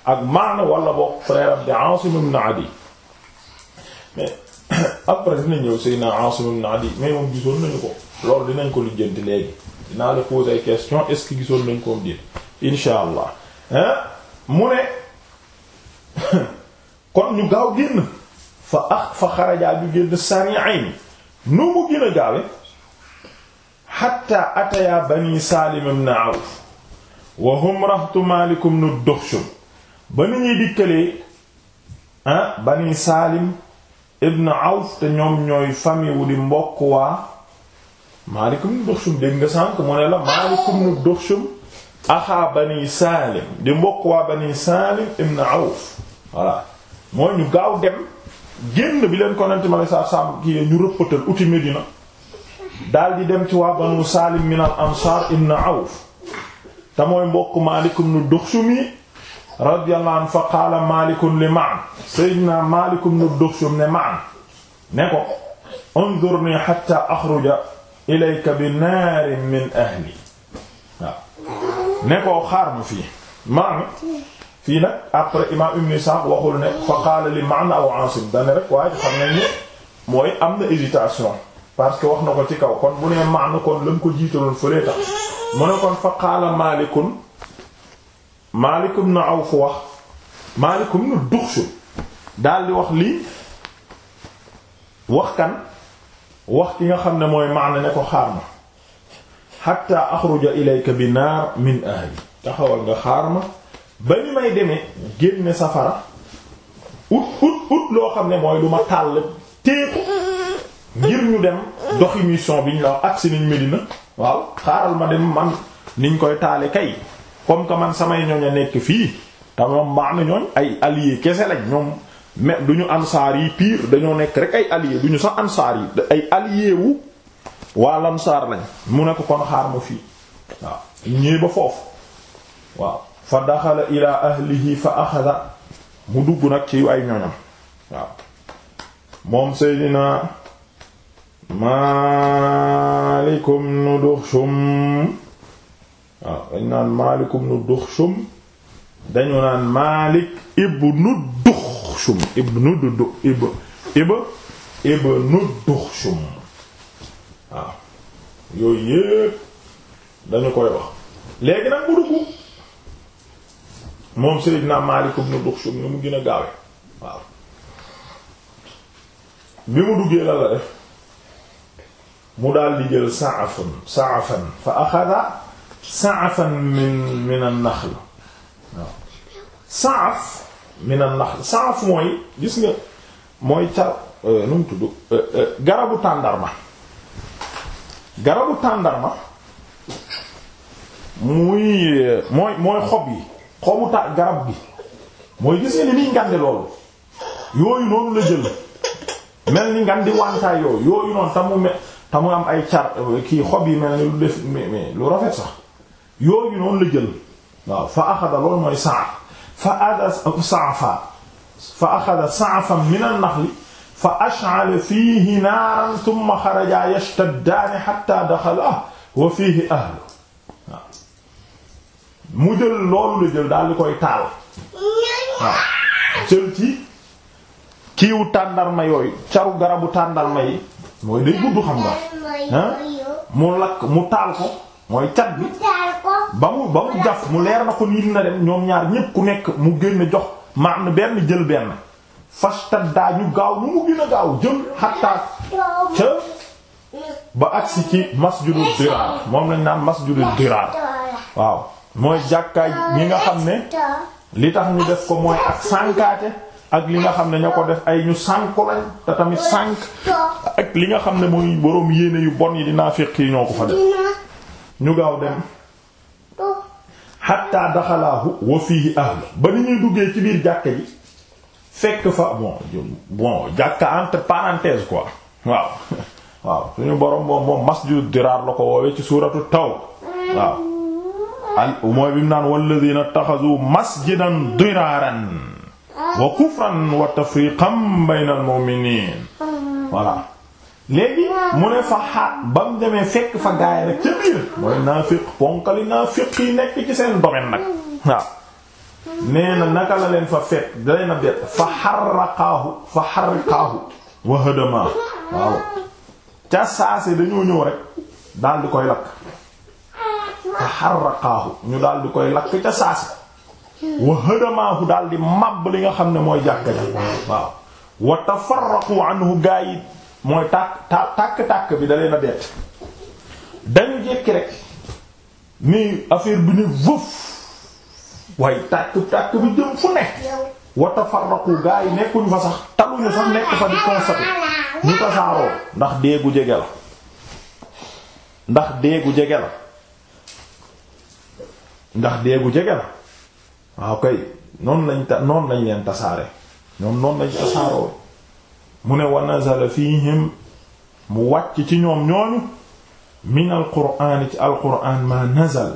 ak Maana walla boog frère am di Asim ibn Adi mais après dina ñëw Seydina Asim ibn Adi mais moom gisoon nañu ko loolu dinañ ko lijjanti léegi dinaa la poser question est que gisoon nañ ko déet insha allah hein mu ne kon ñu gaaw génn fa ah fa xarajaa ju génn sari'ayn nu mu gën gaawe hatta ataya bani Salim ibn Awf wa hum rahtu Malik ibn Dukhshum ba ni ñuy dikkalee ah bani saalim ibn awf te ñoom ñooy famille wu di mbokk waa maalikum nu duxsum dégg nga sànk ne la maalikum nu duxsum axaa bani saalim di mbokk waa bani saalim ibn awf voilà mooy ñu gaaw dem génn bi leen konante ma la sa sam ñu rëppatal uti Medina daal di dem ci waa banu saalim min al ansaar ibn awf te mooy mbokk maalikum nu duxsum yi radiyallahu anhu fa qaala malikun li Ma'n sayyidina Maalik ibn Duxsum ne Ma'n ne ko unzurni hatta axruja ilayka bi naarin min ahli ne ko xaar ma fii Ma'n fii nag après imam Ibn Sa'd waxul ne fa qaala li Ma'n aw Aasim dane rek waaye xam nañ ne mooy am na hésitation parce que wax ko ci kaw kon bu nee kon la mu ko jiitaloon fëlee tax mu ne kon fa qaala Maalikun Maalik ibn fu wax Maalik ibn Duxsum daal di wax li wax kan wax ki nga xam ne mooy maana ne ko xaar ma xatta axruja ilayka bi naar min ahli taxawal nga xaar ma ba ni may demee génne safara ut ut ut loo xam ne mooy lu ma tàll teeku ngir ñu dem doxi mission bi ñu la agsi nañ Medina waaw xaaral ma dem man niñ koy taale kay comme que man samay ñoñ a nekk fii te moom maana ñooñ ay alliés kese lañ ñoom mais du ñu ansaar yi pire dañoo nekk rek ay alliés du ñu sax ansaar yi ay alliés wu waa lansaar lañ mu ne ko kon xaar ma fii waaw ñëw ba foofu waaw fa daxala ila ahlihi fa axada mu dugg nag ci ay ñoñam waaw moom Seydina Maalikum nu Duxsum waaw dañ naan Maalik ibnu Duxshum dañu naan Maalik ibnu Duxshum ibnu du ib ib ibnu Duxshum waaw yooyu yépp dañu koy wax léegi nag mu dugg moom Seydina Maalik ibnu Duxshum ni mu gën a gaawe waaw bi mu duggee la la def mu daal di jël saafan saafan fa axada saafan min min an-naxl waaw saaf min an-naxl saaf mooy gis nga mooy car euh, nu mu tudd euh, euh, garabu tàndarma garabu tàndarma muy mooy mooy xob yi xobu ta garab gi mooy gis nga ni muy ngande loolu yooyu noonu la jël mel ni ngan di wantaay yooyu yooyu noonu tamu me tamu am ay car kii xob yi mel ni lu def lu rafet sax yooyu noonu la jël waaw fa axada loolu mooy saaf fa ada saafa fa axada saafan min an-naxli fa ash'ala fiihi naaran thumma xarajaa yashtaddaani hattaa daxala wa fiihi ahlu mu jël loolu la jël daal di koy taal waaw jël ci kiiwu tàndarma yooyu caru garabu tàndarma yi mooy day gudd xam nga mu lakk mu taal ko mooy cat bi ba mu ba mu jaf mu leer na ko nii na dem ñoom ñaar ñépp ku nekk mu génn jox maan benn jël benn fastaddaa ñu gaaw nu mu gën gaaw jël xatta ca ba agsi ci masjidul diraar moom lañ naan masjidul diraar waaw mooy jàkkaay ñi nga xam ne li tax ñu def ko mooy ak sànkaate ak li nga xam ne ña ko def ay ñu sànk lañ te tamit sànk ak li nga xam ne mooy boroom yéene yu bon yi dinaa fekk yi ñoo ko fa def ñu gaaw dem xatta oh. daxalaahu wa fiihi ahlu ba ni ñuy duggee ci biir jàkka ji fekk fa bon bon jàkka entre parenthèses quoi waaw waaw suñu borom moom moom masjidu diraar la ko woowee ci suuratu taw waaw al mooy bi mu naan walladina taxasu masjidan diraaran wa kufran wa tafriqan bayna al mu'minin voilà léegi mu ne fa xaat ba fekk fa gaay nag ca biir mooy naafiq ponkali yi nekk ci seen domaine nag waaw nee na leen fa fekk da leen a fa xarraqaahu wa hadamaa ca saase dañoo ñëw rek daal di koy lakk fa ñu daal di koy lakk ca saase wa hadamaahu daal di màbb li nga xam ne mooy jàkka ja wa tafarraqu anhu gaay mooy tàkk tàkk tàkk bi dalee na bett dañu jekki rek ni affaire bi ni vëf waaye tàkk tàkk bi jëm fu ne wa tafarraqu gaa yi nekkuñu fa sax taluñu sax nekk fa di constater ñu tasaaroo ndax déegu jege la ndax déegu jege la ndax déegu jege la waaw kay noonu lañ ta noonu lañ leen tasaare ñoom noonu lañ tasaaroo mu ne wa nazala mu wàcc ci ñoom ñooñu min quraan ci al quraan ma nazal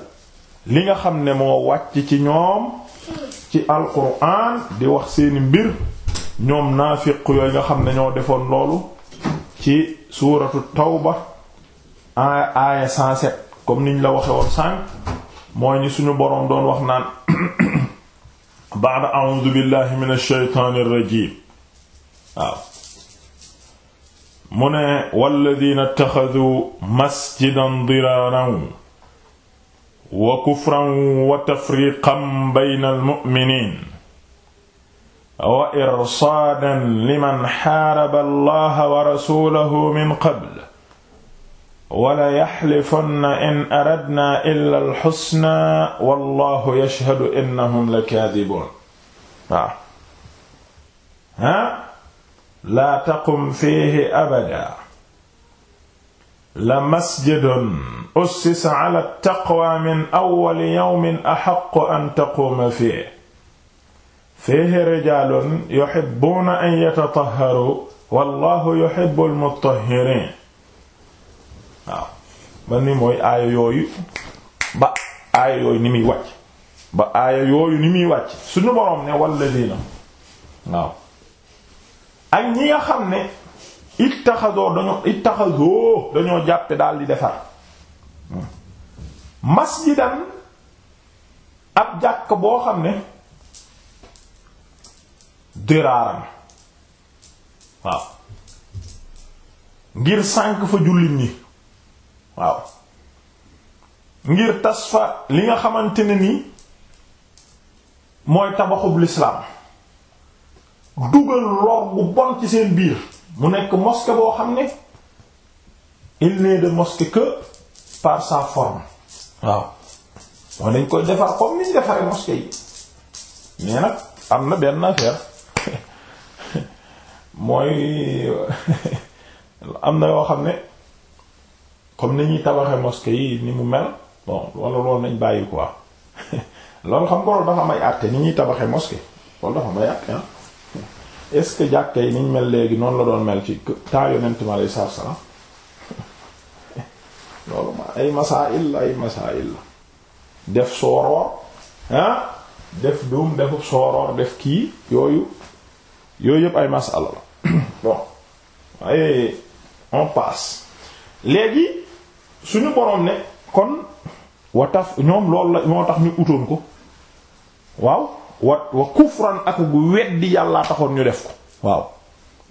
li nga xam ne moo wàcc ci ñoom ci al quraan di wax seeni mbir ñoom naafiq yooyu nga xam ne ñoo defoon loolu ci suuratu tawba aaya 107 comme niñ la waxe woon sànq mooy ñi suñu boroom doon wax naan ba'da a'udhu billahi minash shaytaanir rajiim waaw mu ne walladina taxadu masjidan diraaran wa kufran wa tafriqan bayna almuminin wa irsaadan liman xaaraba allaha wa rasulahu min qabl wala yaxlifanna in aradna illa alxusna wallahu yashhadu innahum lakaadibuun waaw laa taqum fiihi abada la masjidun ussisa ala taqwa min awwali yawmin axaqu an taquuma fiihi fiihi rijaalun yuhibbuuna an yatatahharuu wallaahu yuhibbul mutahhiriin waaw ba ni mooy aaya yooyu ba aaya yooyu ni muy wàcc ba aaya yooyu ni muy wàcc suñu boroom ne walladiina waaw ak ñi nga xam ne ittaxadoo dañoo ittaxadoo dañoo jàppe daal di defar hmm. masjidan ab jàkk boo xam ne dëraaram waaw ngir sànk fa jullit ñi waaw ngir tas fa li nga xamante ne nii mooy tabaxub lislaam dugal lor bu bon ci seen biir mu nekk moske boo xam ne il n'est de mosquée que par sa forme waaw mooy dañ koy defar comme niñ defaree mosquée yi mais nag am na benn affaire mooy am na yoo xam ne comme ni ñuy tabaxee mosquée ni mu mel bon wala loolu nañ bàyyi quoi loolu xam nga loolu dafa may àtte ni ñuy tabaxee mosquée loolu dafa may àtte ah. est-ce que jàkka yi niñ mel léegi noonu la doon mel ci temps yonent mi alayhi salaatu salaam loolu ma ay masaa'il la ay masaa'il la def sooroor ah def duum defub sooroor def kii yooyu yooyu yëpp ay masala la bon waaye on passe léegi suñu boroom ne kon wa taf ñoom loolu la moo tax ñu utoon ko waaw wa wa kufran ak gu weddi yàllaa taxoon ñu def ko waaw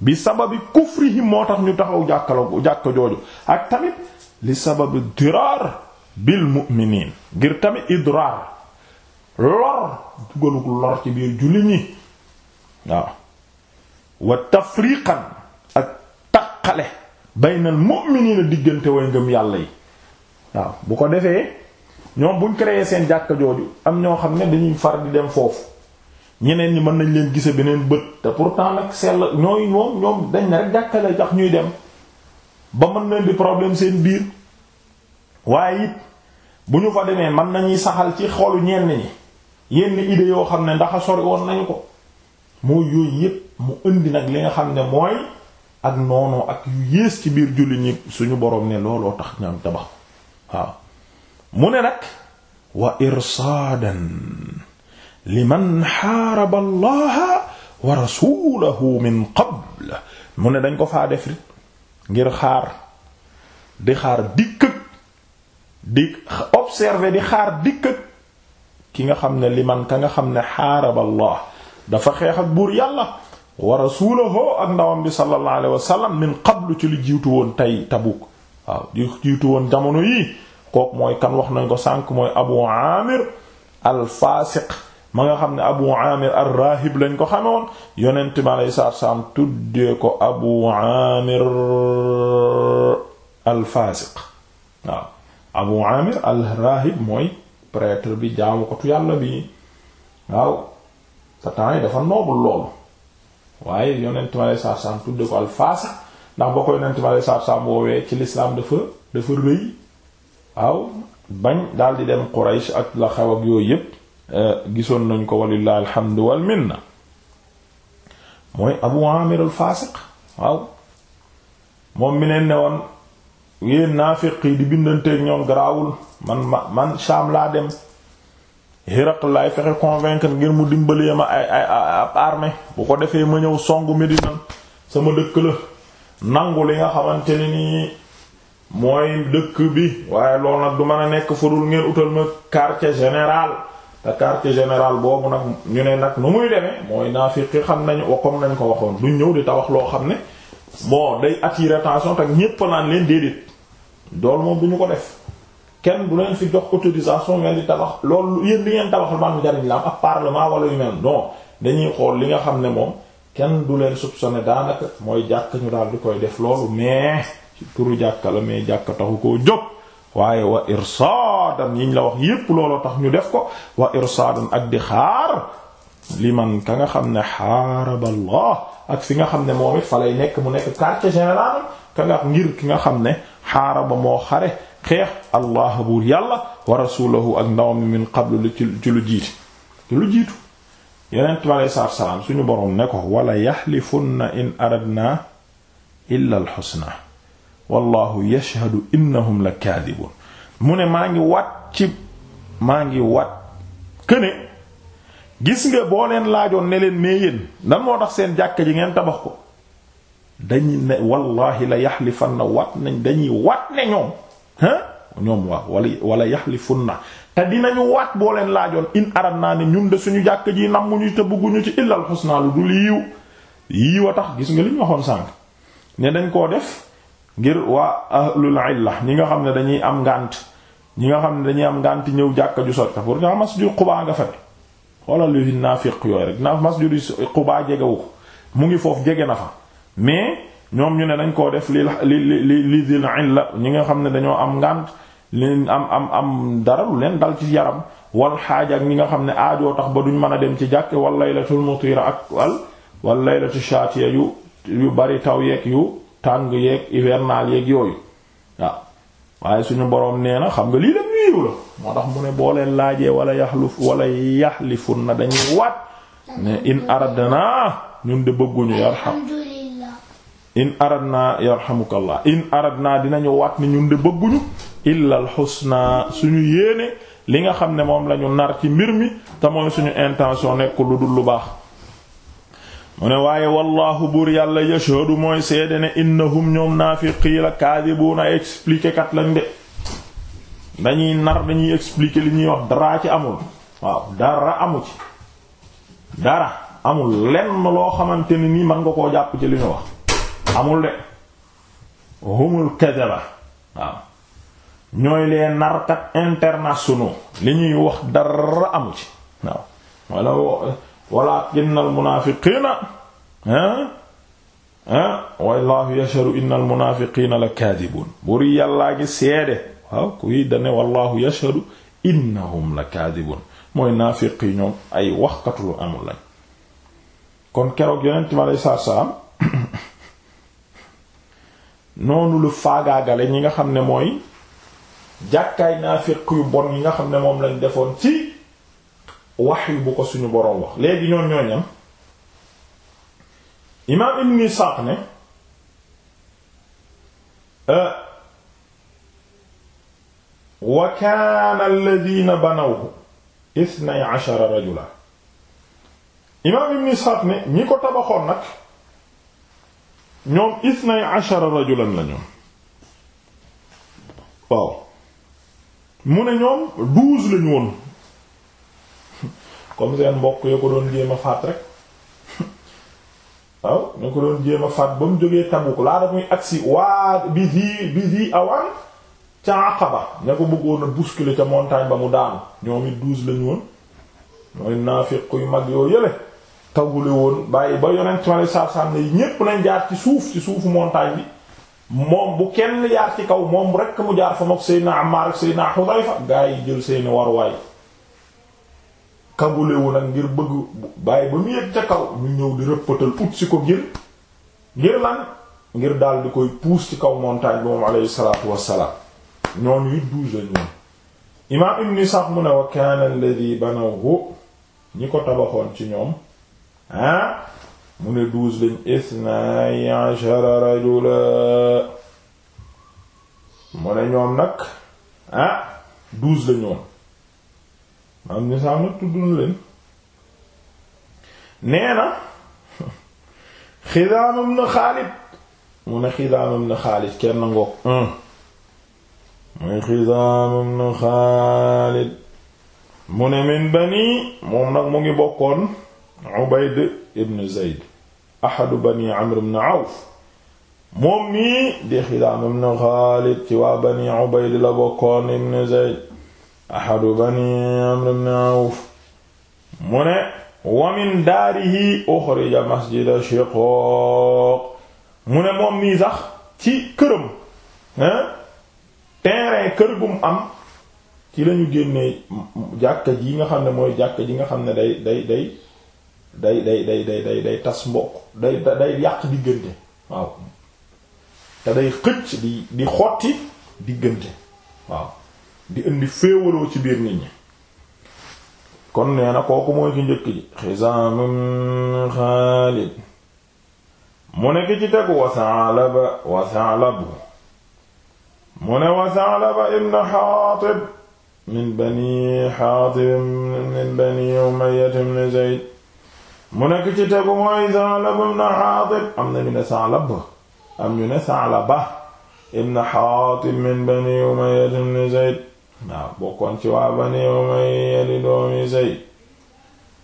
bi sababi kufrihim moo tax ñu taxaw jàkkalo jàkko jooju ak tamit li sababi diraar bil mu'miniin ngir tamit idraar lor dugaluk lor ci biir julli ñi waaw wa tafriqan ak taqale baynal mu'miniina diggante way ngëm yàlla yi waaw bu ko defee ñoom buñ créé seen jàkka jooju am ñoo xam ne dañuy far di dem foofu ñeneen ñi mën nañ leen gise beneen bët te pourtant nag sell ñooy moom ñoom dañ na rek jàkkale tax ñuy dem ba mën leen di problème seen biir waaye it bu ñu fa demee mën nañuy saxal ci xolu ñenn ñi yenn idée yoo xam ne ndax a sori woon nañu ko mooy yooyu yépp mu indi nag li nga xam ne mooy ak noonu ak yu yées ci biir julli ñi suñu boroom ne looloo tax ñam tabax waaw mu ne nag wa irsaadan liman xaaraba allaha wa rasulahu min qabl mu ne dañ ko faa def ngir xaar di xaar dikk di observer di xaar dikk ki nga xam ne liman ka nga xam ne xaaraba allah dafa xeex ak buur yàlla wa rasulahu ak ndawam bi sallallahu alayhi wa sallam min qablu ci lu jiitu woon tey Tabuk waaw di woon jamono yii kooku mooy kan wax nañ ko sànk mooy Abu Amir al ma nga xam ne abu amir ar lañ ko xame woon yonent bi aleyhi salaatu salaam tuddee ko abu amir al-fasiq waaw abu amir al mooy prêtre bi jaamukatu yàlla bi waaw sa temps yi dafa noobul loolu waaye yonent bi aleyhi salaatu salaam tuddee ko al ndax ba ko yonent bi aleyhi salaatu salaam woowee ci lislaam dafa dafa rëy waaw bañ daal di dem Quraysh ak la xew ak yooyu yépp Eh, gisoon nañ ko walillahi alhamdu wal minna mooy abu amir al faasiq waaw moom mi neen ne woon yéen naafiq yi di bindanteeg ñoom garaawul man ma man Sham laa dem Hiraql laay fexe convaincre ngir mu dimbalee ma ay ay ab armée bu ko defee ma ñëw songu Medina sama dëkk la nangu li nga xamante ne mooy dëkk bi waaye lool nag du mën a nekk furul ngeen utal ma quartier général te quartier général boobu nag ñu ne nag nu muy demee mooy naafiqi xam nañu comme nañ ko waxoon duñ ñëw di tabax loo xam ne bon day attirer attention te ñépp naan leen déedéet dool moom duñu ko def kenn du leen fi jox autorisation ngeen di tabax loolu yéen li ngeen tabax man njariñ la am ak parlement wala yu mel non dañuy xool li nga xam ne moom kenn du leen soupçonné daanaka mooy jàkk ñu daal di koy def loolu mais turu jàkka la mais jàkk taxu koo jóg waaye wa irsaadan yiñ la wax yépp looloo tax ñu def ko wa irsaadan ak di xaar liman ka nga xam ne xaaraba Allah ak fi nga xam ne moom it fa lay nekk mu nekk quartier général ka ngir ki nga xam ne xaaraba moo xare xeex allah buur yàlla wa rasulahu ak ndawam min qablu lu ci lu jiiti lu jiitu yeneen bi alei salaam suñu boroom ne ko wala yaxlifunna in aradna illa al wallahu yashhadu innahum la kaadibun mu ne maa ngi wat ci maa ngi wat këne gis nga boo leen laajoon ne leen mais yéen dan moo tax seen jàkk ji ngeen tabax ko dañu ne wallahi la yaxlifanna wat nañ dañuy wat ne ñoom ah ñoom waaw wala wala na te dinañu wat boo leen laajoon in arad naa ne ñun de suñu jàkk ji nammuñu te bëgguñu ci illal xusnaa lu dul yiiw yiiw a tax gis nga li ñu waxoon sànq ne dañ koo def ngir waa ahlul la ñi nga xam ne dañuy am ngànt ñi nga xam ne dañuy am ngànt ñëw jàkka ju sot ka pour nga masjid Quba nga fa ne xoolal li naafiq yooyu rek naa na masjid Quba jegewu ko mu ngi foofu jege na fa mais ñoom ñu ne dañ koo def li li li li dil la ñi nga xam ne dañoo am ngànt leen am am am dara lu leen dal ci yaram wal xaaja ak ñi nga xam ne aajoo tax ba duñ mën a dem ci jàkk wal laylatul mutira ak wal wal laylatu shaatiya yu yu bari taw yeeg yu tàng yeeg hivernal yeeg yooyu waaye suñu boroom nee na xam nga lii dem yiw la moo tax mu ne boo leen laajee wala yaxluf wala yaxlifun na dañuy waat ne in aradna ñun de bëgguñu yarham in aradna yarhamukallah in aradna ñun de bëgguñu illal xusna suñu yéene li nga xam ne moom lañu nar ci mbir mi te suñu intention nekk lu dul lu baax mu ne waaye wallaahu buur yàlla du mooy seede ne innahum ñoom naafiqii la kaadibuuna expliqué kat lañ de dañuy nar dañuy expliqué li ñuy wax dara ci amul waaw dara amu ci dara amul lenn loo xamante ni nii mën nga koo jàpp ci li ñu wax amul de humul kadaba waaw ñooy les narkat internationaux li ñuy wax dara amu ci waaw wala innal munaafiqiina ah ah wallaahu yashhadu innal munaafiqiina lakaadibuun buur ngi seede waaw kuy dane wallaahu yashhadu innahum lakaadibuun mooy naafiq ñoom ay waxkat lu amul lañ kon keroog yonent ñi nga xam ne mooy jàkkaay naafiq yu bon yi nga xam ne moom lañ defoon ci. wax yu bu ko suñu boroom wax léegi ñoom ñoo ñam imaam ibn Isaaq ne euh, wa kaana alladina banawhu ithnay ashara rajula imaam ibn Isaaq ne ñi ko tabaxoon nag ñoom ithnay ashara rajulan la ñoom waaw mu ne ñoom douze lañu woon comme seen mbokk yoo ko doon jéem a faat rek waaw ñoo ko doon jéem a faat ba mu jógee Tabuk laata muy agsi waa bi zi bi zi awaan ca Aqaba ña ko bëggoon a bousculer ca montagne ba mu daanu ñoom it douze lañu woon mooy naafiq yu mag yoo yële tawule woon bàyyi ba yonent ma saab saab ne ñépp nañ jaar ci suuf ci suufu montagne bi moom bu kenn yaar ci kaw moom rekk mu jaar fa mook Seydina Ammaar ak Seydina Xudayfa gaa yi jël seeni warwaay kabulewu nag ngir bëgg bàyyi ba mu yëg ca kaw ñu ñëw di rëppatal ut si ko ngir ngir lan ngir daal koy puus ci kaw montagne bi moom aleyhi salaatu wassalaam ñoon yu douze la ñoon imaam ibn Sa'd mu ne wa kaana alladhi banawhu ñi ko tabaxoon ci ñoom ah mu ne douze lañ ithnay ashara rajula mu ne ñoom nag ah douze la am nisaam nag tudd na leen nee na xidaamam na xaalid mu ne xidaamam na xaalid kenn ngoog muy xidaamam na xaalid mu ne min bani moom nag mu ngi bokkoon ubayd ibn zayd ahadu bani amr ibn awf moom mii di xidaamam na xaalid ci waa bani ubayd la bokkoon ibn zayd ahadu bani amr ibn awf mu ne wa min daarihi uxrija masjida shiqooq mu ne moom nii sax ci këram terrain kër gum am ci lañu génnee jàkka ji nga xam ne mooy jàkka ji nga xam ne day day day day day day day day day tas mbokk day day yàq diggante waaw te day xëcc di di xotti diggante waaw di indi féewaloo ci biir nit ñi kon nee na kooku mooy ki njëkk ji xisaanun xaalid mu ne ki ci tegu wasalaba wasalabu mu ne wasalaba ibn xaatib min bani xaatib min bani umayya ibn zayd mu ne ki ci tegu mooy salab ibn xaatib am na ñu ne salab am ñu ne salaba ibn xaatib min bani umayya ibn zayd waaw bokkoon ci waa Bani Umayya di doomi Zayd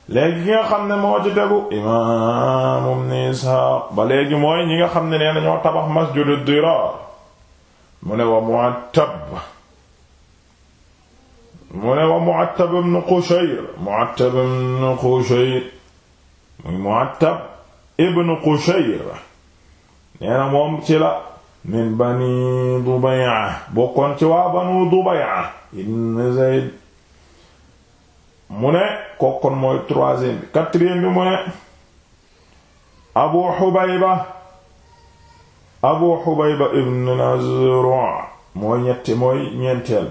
léegi ki nga xam ne moo ci tegu imaam Ibn Isxaaq ba léegi mooy ñi nga xam ne nee nañoo tabax masjidu Diraar mu ne wa Mu'attab mu ne wa Mu'attab ibn Qushayr Mu'attab ibn Qushayr muy Mu'attab ibn Qushayr nee na moom ci la min bani Dubay'a bokkoon ci waa banu Dubay'a ibn Zayd mu ne kokkoon mooy troisième bi quatrième mu ne Abu Hubayba Abu Hubayba ibn Nazra mooy ñetti mooy ñeenteel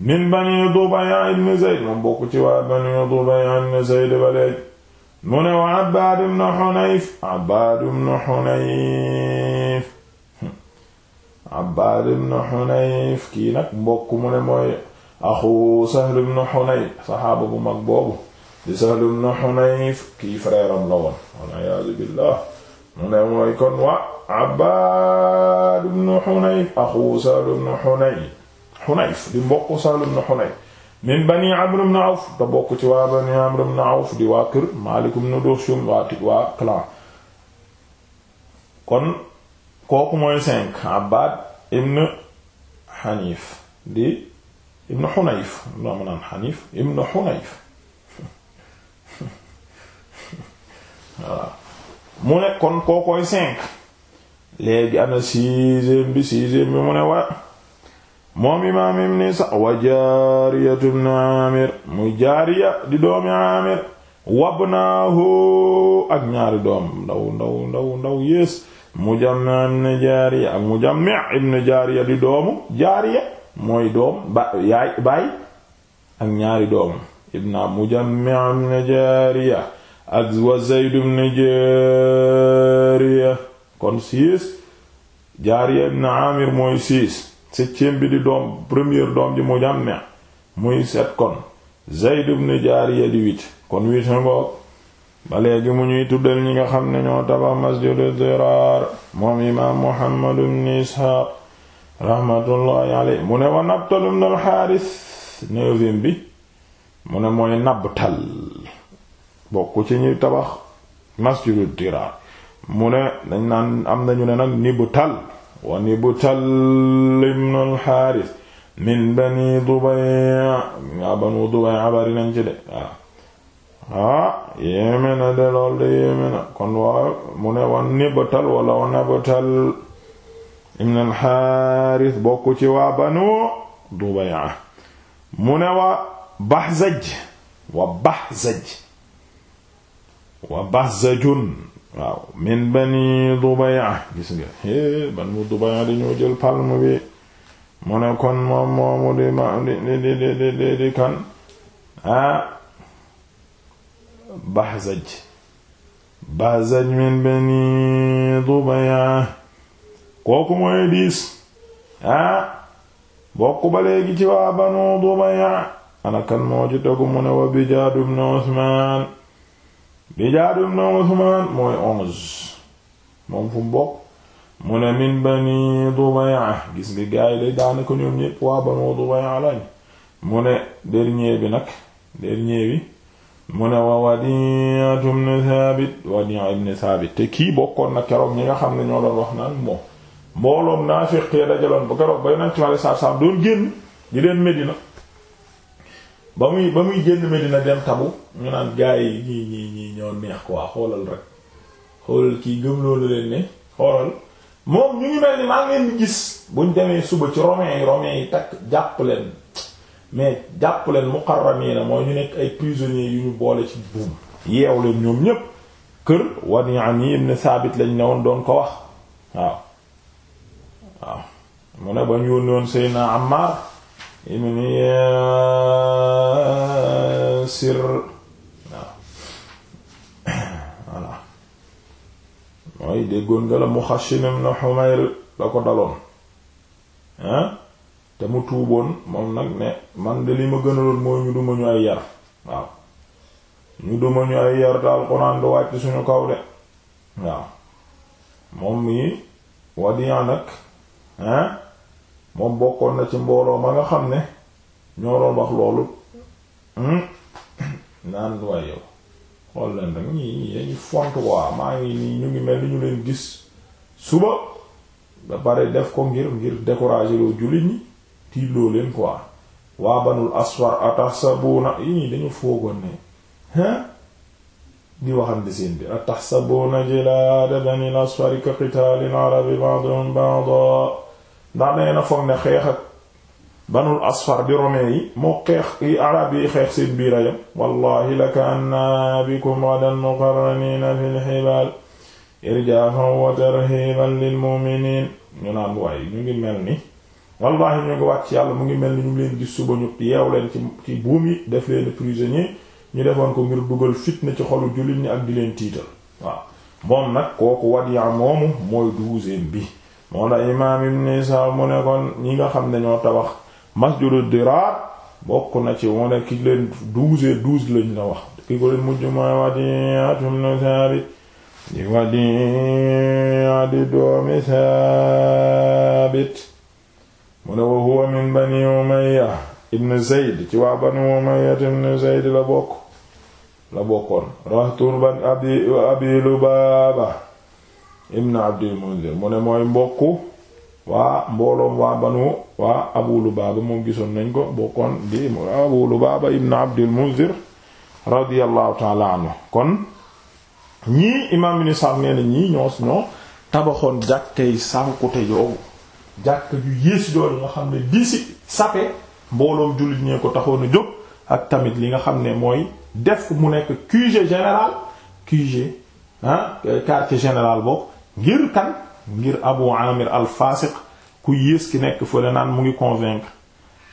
min bani Dubay'a ibn Zayd mu ne wa Abbaad ibn Hunayf Abbaad ibn Hunayf Abbaad ibn Hunayf kii nag mbokk mu ne mooy axu Sahl ibn Hunayf saxaaba bu mag boobu di Sahl ibn Hunayf kii frère am la woon wal mu ne mooy kon wa Abbaad ibn Hunayf axu Sahl ibn Hunayf Hunayf di mbokk Sahl ibn Hunayf min Bani Amr ibn Awf te bokk ci waa Bani Amr ibn Awf di waa kër Maalik ibn Duxsum waa clan kon kooku mooy cinq Abbad ibn Hanif di ibn Hunayf mu ne kon kookooy cinq léegi ana sixième bi mu ne wa moom imaam ibn Isa wa Jaariyatu ibn Aamir muy Jaariya di doomi Aamir wabnaahu ak ñaari doom ndaw ndaw ndaw ndaw Mujamma ibn Jaariya ak Mujamma ibn Jaariya di doomu Jaariya mooy doom ba yaay baay ak ñaari doomam ibn Mujamma ibn Jaariya ak wa Zayd ibn Jaariya kon six Jaariya ibn Amir mooy six septième bi di doom première doom di Mujamma muy sept kon Zayd ibn Jaariya di huit kon huit nga ba léegi mu ñuy tuddal ñi nga xam ne ñoo tabax masjidu diraar moom imaam muhammad ibn isxaaq rahmatullahi aley mu ne wa nabtal ibn al xaaris neuvième bi mu ne mooy nabtal bokk ci ñuy tabax masjidu diraar mu ne dañ naan am nañu ne nag nibtal wa nibtal ibn al xaaris min bani dubay nga banu dubay abari nañ ci de waaw ah yéeme na de lool de na kon mu ne wan nibtal wala wa nabtal ibn alxaaris bokk ci waa banu dubaya mu ne wa baxzaj wa baxzaj wa baxzajun min bani dubaya gis nga é eh, ban mu dubaya dañoo jël palme bi mu ne kon moom moomu di ma di di di di kan ah Bahzaj Bahzaj min Bani Dubaya kooku mooy diis ah bokk ba léegi ci waa Banu Dubaya anakan moo ci tegu mu ne wa Bijaad ibn Usmaan Bijaad ibn Usmaan mooy onze moom fu mu mu ne min Bani Dubaya gis nga gaay lay daanaka ñoom ñépp waa Banu Dubaya lañ mu ne dernier bi nag dernier bi mu ne wa Wadi'atu ibn Thabit Wadi' ibn Thabit te kii bokkoon nag keroog ñi nga xam ne ñoo doon wax naan moo mbooloom naafiq yi dajaloon ba keroog ba Yonent Yàlla saab saab doon génn di leen Medina ba muy ba muy génn Medina dem tabu ñu naan gaa yi ñii ñii ñii neex ko waa xoolal rek xoolal kii gëm loolu leen ne xoolal moom ñu ngi mel ni maa ngi gis buñ demee suba ci romain yi romain yi takk jàpp leen mais jàpp leen muqarramiina mooy ñu nekk ay prisonniers yu ñu boole ci buum yeew leen ñoom ñépp kër Wadi'ani ibn Saabit lañ ne woon doon ko wax waaw waaw mu ne ba ñu yónni woon Seydina Ammaar ibn Yaasir waaw voilà mooy déggoon nga la Muxashim ibn Humayr la ko daloon te mu tuuboon moom nag ne man de li ma gënaloon mooy ñu duma ñu ay yar waaw ñu duma ñu ay yar te alxuraan du wàcc suñu kaw de waaw moom mii wadiyan nag hein moom bokkoon na ci mbooloo ma nga xam ne ñoo doon wax loolu hmm, naan waaye yow xool leen rek ñii dañuy font waa maa ngi nii ñu ngi mel ni ñu leen gis suba da bari def ko ngir ngir décourager loo jullit ñi tiiloo leen quoi waa banul asfar ataxsabuuna yi dañu foogoon ne hein di waxande seen bi ataxsabuuna jilaada banil asfari ka qitaalil arabi ba'dhum ba'da ndax nee na foog ne xeex ak banul asfar di romain yi moo xeex yi arab yi xeex seen biir a yam wallahi la ka anna bikum gadan muqarranina fil xibaal irjaafan wa tarhiiban lil mu'miniin ñu naan waaye ñu ngi mel ni wallahi ñu ngi ci yàlla mu ngi mel ni ñu ngi leen gis suba ñu yeew leen ci ci buum yi def leen prisonnier ñu defoon ko ngir dugal fitna ci xolu jullit ñi ak di leen tiital waaw moom nag kooku Wadiya moomu mooy douzième bi moo la imaam Ibn Isaaq mu ne kon ñi nga xam ne ñoo tabax masjidu Diraar bokk na ci mu ki leen douze douze lañ la wax ki ko leen mujj mooy Wadiyatum nu Saabit di Wadiya di doomi Saabit mu ne wa huwa min bani umayya ibn zayd ci waa banu umayya ibn zayd la bokk la bokkoon rahtur ban abi abi lubaaba ibn abdil munzir mu ne mooy mbokku waa mbooloom waa banu waa abu lubaaba moom gisoon nañ ko bokkoon di abu lubaaba ibn abdil munzir radiyallahu taala anhu kon ñii imaam ibn sa'd ñii ñoo ñoo tabaxoon jàkkay sànkute yoobu jàkk ju yées jooju nga xam ne di si sape mbooloom jullit ñee ko taxoon a jóg ak tamit li nga xam ne mooy def mu nekk QG général QG ah quartier général boobu ngir kan ngir Abu Amir al-Fasiq ku yées ki nekk fële naan mu ngi convaincre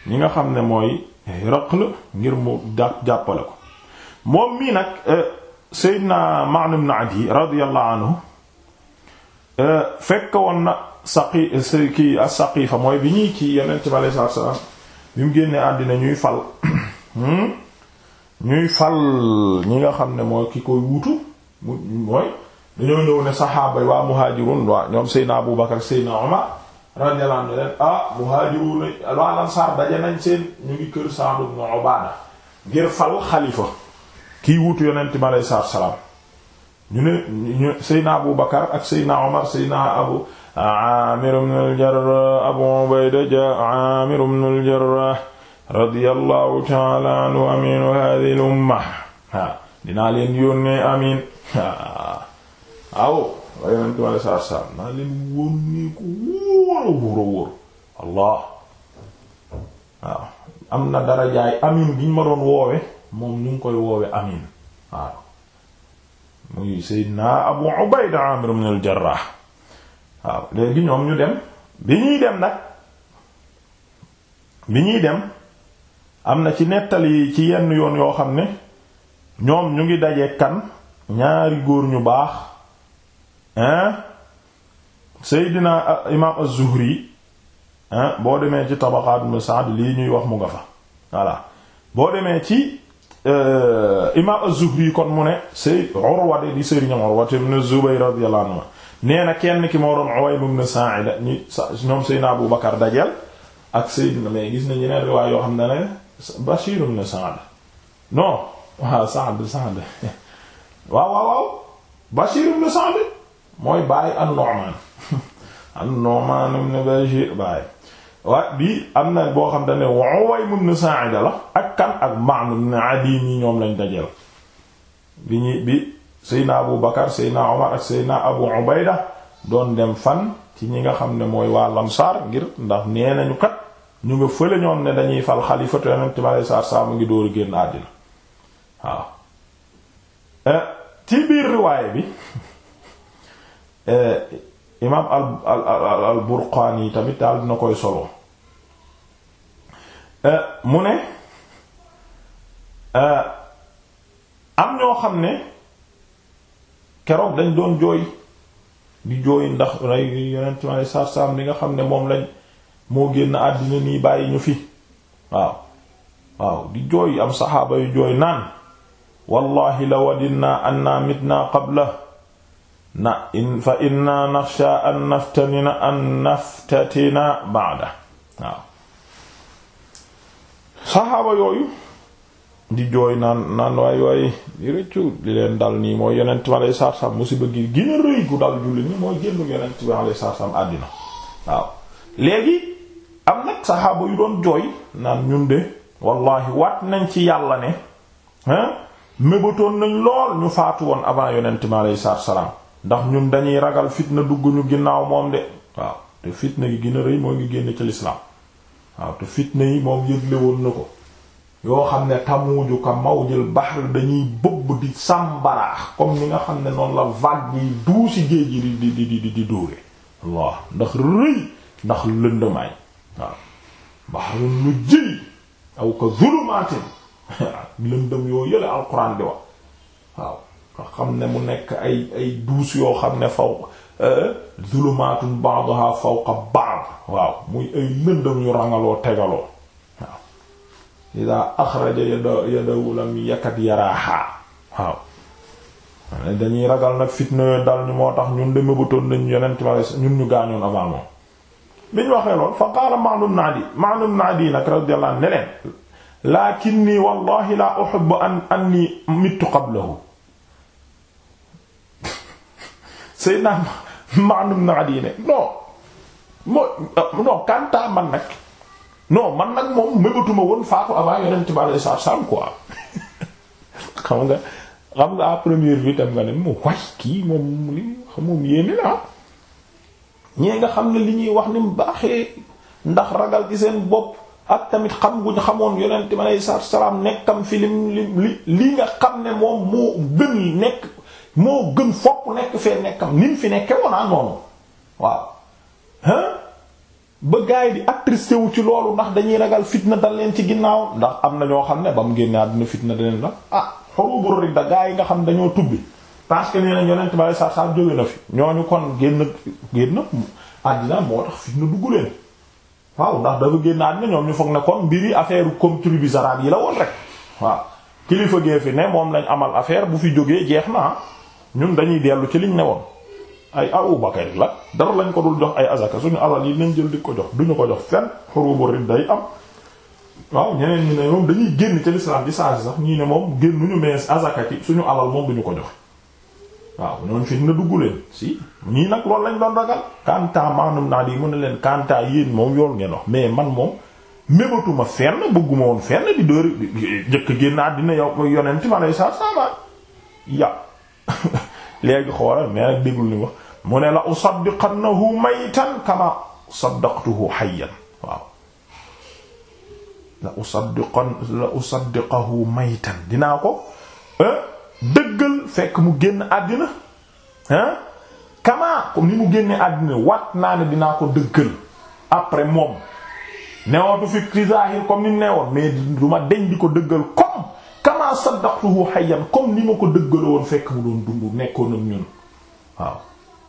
ñi nga xam ne mooy Hiraql ngir mu jàppale ko moom mii nag euh, Seydina Ma'n ibn Adi radiyallahu anhu euh, fekk woon na. saqi kii as-saqifa mooy bi ñuy kii yonent bi alayhi salaatu bi mu génnee àddina ñuy fal hmm? ñuy fal ñi nga xam ne mooy ki koy wuutu mu mooy dañoo ñëw ne saxaaba yi waa muhaajirun waa ñoom Seydina Abu Bakar Seydina Umar radiyallahu anhu leen ah muhaajirun waa Ansaar daje nañ seen ñu ngi kër Sa'd ibn Ubaada ngir fal xalifa kiy wuutu yonent bi alayhi salaatu ñu ne Seydina Abu Bakar ak Seydina Omar Seydina Abu Amir ibn al Abu Ubayda ja Amir ibn al-Jarrah radiyallahu ta'ala anhu amin aw waaye ko wóor a wóor a wóor am na darajaay amin giñ ma doon woowe moom ñu koy woowe amin muy Seydina Abu Ubayda Amir ibn al-Jarrah waaw léegi ñoom ñu dem bi ñuy dem nag bi ñuy dem am na ci nettali ci yenn yoon yoo xam ne ñoom ñu ngi daje kan ñaari góor ñu baax hein Seydina uh, imaam az boo demee ci tabaqaat ibn Sa'd lii ñuy wax mu nga fa voilà boo demee ci Euh, imaam az kon mu ne say Urwa de di sëriñam Urwa ibn Zubayr radiyallahu anhu nee na kenn ki moo doon Uwaym ibn Sa'ida ñi ñoom Seydina Abu Bakar dajeel ak Seydina mais gis na ñeneen riwaay yoo xam ne ne Bashir ibn Sa'd non waaw waaw waaw waaw Bashir ibn Sa'd mooy bàyyi an-Nu'man an-Nu'man ibn Bashir bàyyi waaw bii am na boo xam ne Uwaym ibn Sa'ida la ak kan ak Ma'n ibn Adi ñi ñoom lañ dajeel bi ñi bi Seydina Abu Bakar Seydina Omar ak Seydina Abu Ubayda doon dem fan ci ñi nga xam ne mooy waa Lamsaar ngir ndax nee nañu kat ñu nga fële ñoom ne dañuy fal xalifa te Yonent mi alayhi mu ngi dóoru génn àddina waaw eh, ci biir riwaay bi eh, imaam al al al Burqaani tamit daal dina koy solo Euh, mu ne euh, am ñoo xam ne keroog dañ doon jooy di jooy ndax rey saar-saam li nga xam ne moom lañ moo génn àddina nii bàyyi ñu fi waaw waaw di jooy am saxaaba yu jooy naan wallahi la wadinna anna mitna qabla na in fa inna naxsha an naftatina an naftatina ba'da waaw saxaaba yooyu di jooy naan naan waay waay di rëccu li leen dal nii mooy yonent bi alayhi salaatu salaam musiba gi gën rëy gu dal julli nii mooy génnu yonent bi alayhi salaatu àddina waaw léegi am nag saxaaba yu doon jooy naan ñun de wallahi waat nañ ci yàlla ne hein mébatoon nañ lool ñu faatu woon avant yonent bi alayhi salaatu ndax ñun dañuy ragal fitna dugg ñu ginnaaw moom de waaw te fitna gi gën rëy moo ngi génn ci lislaam waaw te fitna yi moom yëgle woon na ko yoo xam ne tamuju ka mawjil bahr dañuy bëbb di sàmbaraax comme ni nga xam ne noonu la vague yi duusi géej gi di di di di di dóore Allah ndax rëy ndax lëndëmaay waaw bahrun lu jëli aw ka zulumaatin lëndëm yoo yële alquran di wax waaw nga xam ne mu nekk ay ay duus yoo xam ne faw euh, zulumaatun ba'daha fawqa ba'd waaw muy ay lëndëm yu rangaloo tegaloo waaw ida axraja yadahu lam yakat waaw dañuy ragal nag fitna yooyu dal ñu moo tax ñun deme ba toon nañ yonent ma ñun ñu gaañoon avant moom waxee lool fa qaala ma'lum naadi ma'lum naadi nag radiyallahu anhu ne leen lakinni wallahi la uhibbu an anni mittu qablahu Seydina Maanum na Adi ne non mooy non man nag non man nag moom mëbatuma woon faatu avant Yonent bi alayhi salaatu salaam quoi xam nga xam nga à première vue tam nga ne mu way kii moom li xamoom yéene la ah. ñee nga xam ne li ñuy wax ni mu baaxee ndax ragal ci bopp ak tamit xam guñ xamoon yonent bi alayhi salaatu salaam nekkam fi lim li nga xam ne moom moo gën nekk moo gën fopp nekk fee nekkam ni fi nekke woonaa ah, noonu waaw hein ba gaay di attristé wu ci loolu ndax dañuy ragal fitna dal leen ci ginnaaw ndax am na ñoo xam ne ba mu génne àdduna fitna la ah xoruboro rik da dañoo tubbi parce que nee na yonent bale sa sa jóge na fi ñooñu kon àddina fitna dugg leen waaw ndax àddina ñoom ñu foog ne kon mbiri affaire comme tribus arabes yi la woon rek waaw kilifa gee fi ne moom lañu amal affaire bu fi jógee jeex na ah. ñun dañuy dellu ci liñ ne woon ay Abu Bakar la dara lañ ko dul jox ay azaka suñu alal yi nañ jël di ko jox duñu ko jox fenn xurubu ridda day am waaw ñeneen ñi ne moom dañuy génn ci l'islam di saasi sax ñii ne moom génnuñu mais azaka ci suñu alal moom duñu ko jox waaw ñoon fit na dugg leen si ñii nag loolu lañ doon ragal kanta maanum naa di mën ne leen kantaa yéen moom yoolu ngeen wax mais man moom mébatuma fenn bëgguma woon fenn di dóori jëkk génn àddina yow yonent ma lay sa sama léegi xoolal mais nag déglu li wax mu ne la usaddiqannahu maytan kama saddaqtuhu hayyan waaw la usaddiqan la usaddiqahu maytan dinaa ko dëggal fekk mu génn àddina ah kama ni mu génne àddina wat naa ne dinaa ko dëggal après moom newootu fi ci zahir comme ni newoon mais du deñ di ko dëggal kama saddaqtuhu hayyan comme ni ma ko dëggale woon fekk mu doon dund nekkoon ak ñun waaw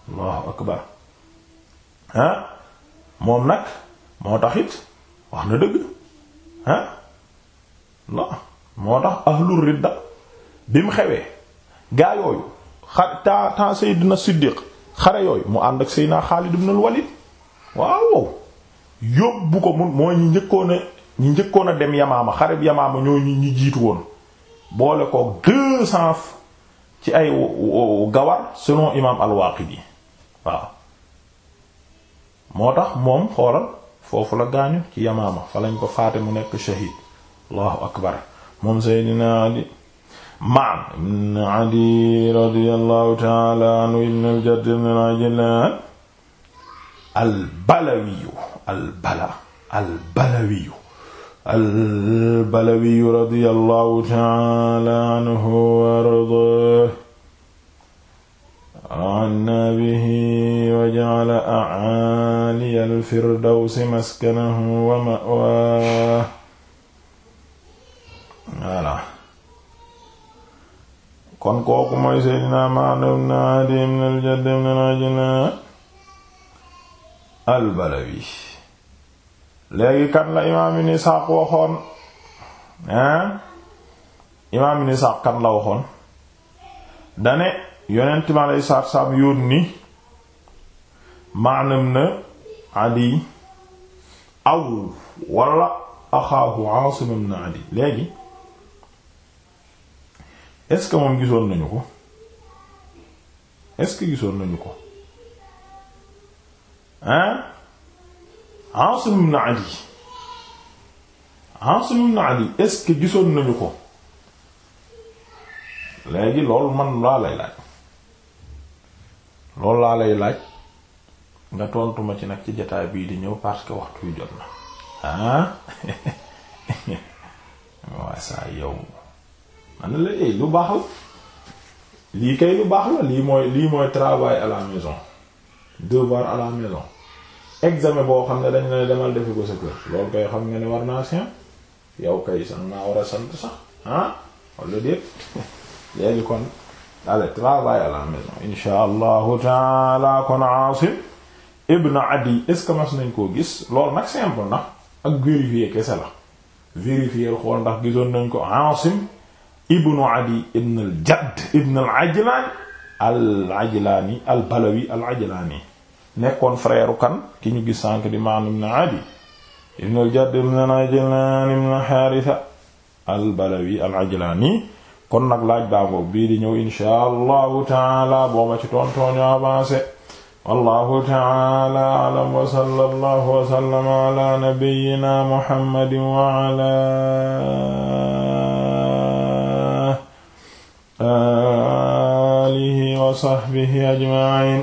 allahu akbar ah moom nag moo taxit wax na dëgg ah la moo tax ahlul ridda bi mu xewee gaa yooyu xar ta ta Seydina Siddiq xare yooyu mu ànd ak Seydina Xaalid ibn al-Walid waaw yóbbu ko mun mooy ñi njëkkoon a ñi njëkkoon a dem Yamaama xare bi Yamaama ñoo ñi jiitu woon boole ko deux cents ci ay gawar selon imam al-Waqidi waaw moo tax moom xoolal foofu la gaañu ci Yamaama fa lañ ko faate mu nekk shahid allahu akbar moom Seydina Ali Ma'n ibn Adi radiyallahu ta'ala anhu ibn al-Jadd ibn al-Ajlan al-Balawi al-Bala al-Balawi albalawiyu radiyallahu taala anhu wa ardaah anna bihi wa ja'ala a'aaliya alfirdawsi maskanahu wa ma'waah voilà kon kooku mooy seydina Ma'in ibn Adiy ibn al-Jadd ibn al-Ajlan albalawi léegi kan la imaam ibn Isaaq waxoon hein imaam ibn Isaaq kan la waxoon dane yonent mi aleyhi salaatu salaam yónni maanam na Adi aw wala axaahu Aasim ibn Adi léegi est-ce que moom gisoon nañu ko est gisoon nañu ko hein Asim ibn Ali Asim ibn Ali est-ce que gisoon nañu ko léegi lool man laa lay laaj loolu laa lay laaj nga tontuma ci nag ci jotaay bii di ñëw parce que waxtu yu jot na ah waaye saa yow man la eey eh, lu baax la lii kay lu baax la lii mooy lii mooy travail à la maison devoir examen boo xam ne dañ ne demal defi ko sa kër loolu kay xam nga ne war naa sien yow kay sax naa war a sant sax ah wala déet léegi kon allez travail à la insha allahu taala kon Aasim ibn Adi est-ce que mas nañ koo gis loolu nag simple na ak nañ ko Aasim nekkoon frère kan ki ñu gis sànk di Ma'n Adi ibn al-Jadd ibn al-Ajlan ibn Haritha kon nag laaj baangoog bii ñëw inshaa allahu taala booma ci tontooñu avancé wallahu taala alam wa sallallahu wa sallama ala nabiyyina muhammadin wa ala alihi wa sahbihi ajma'in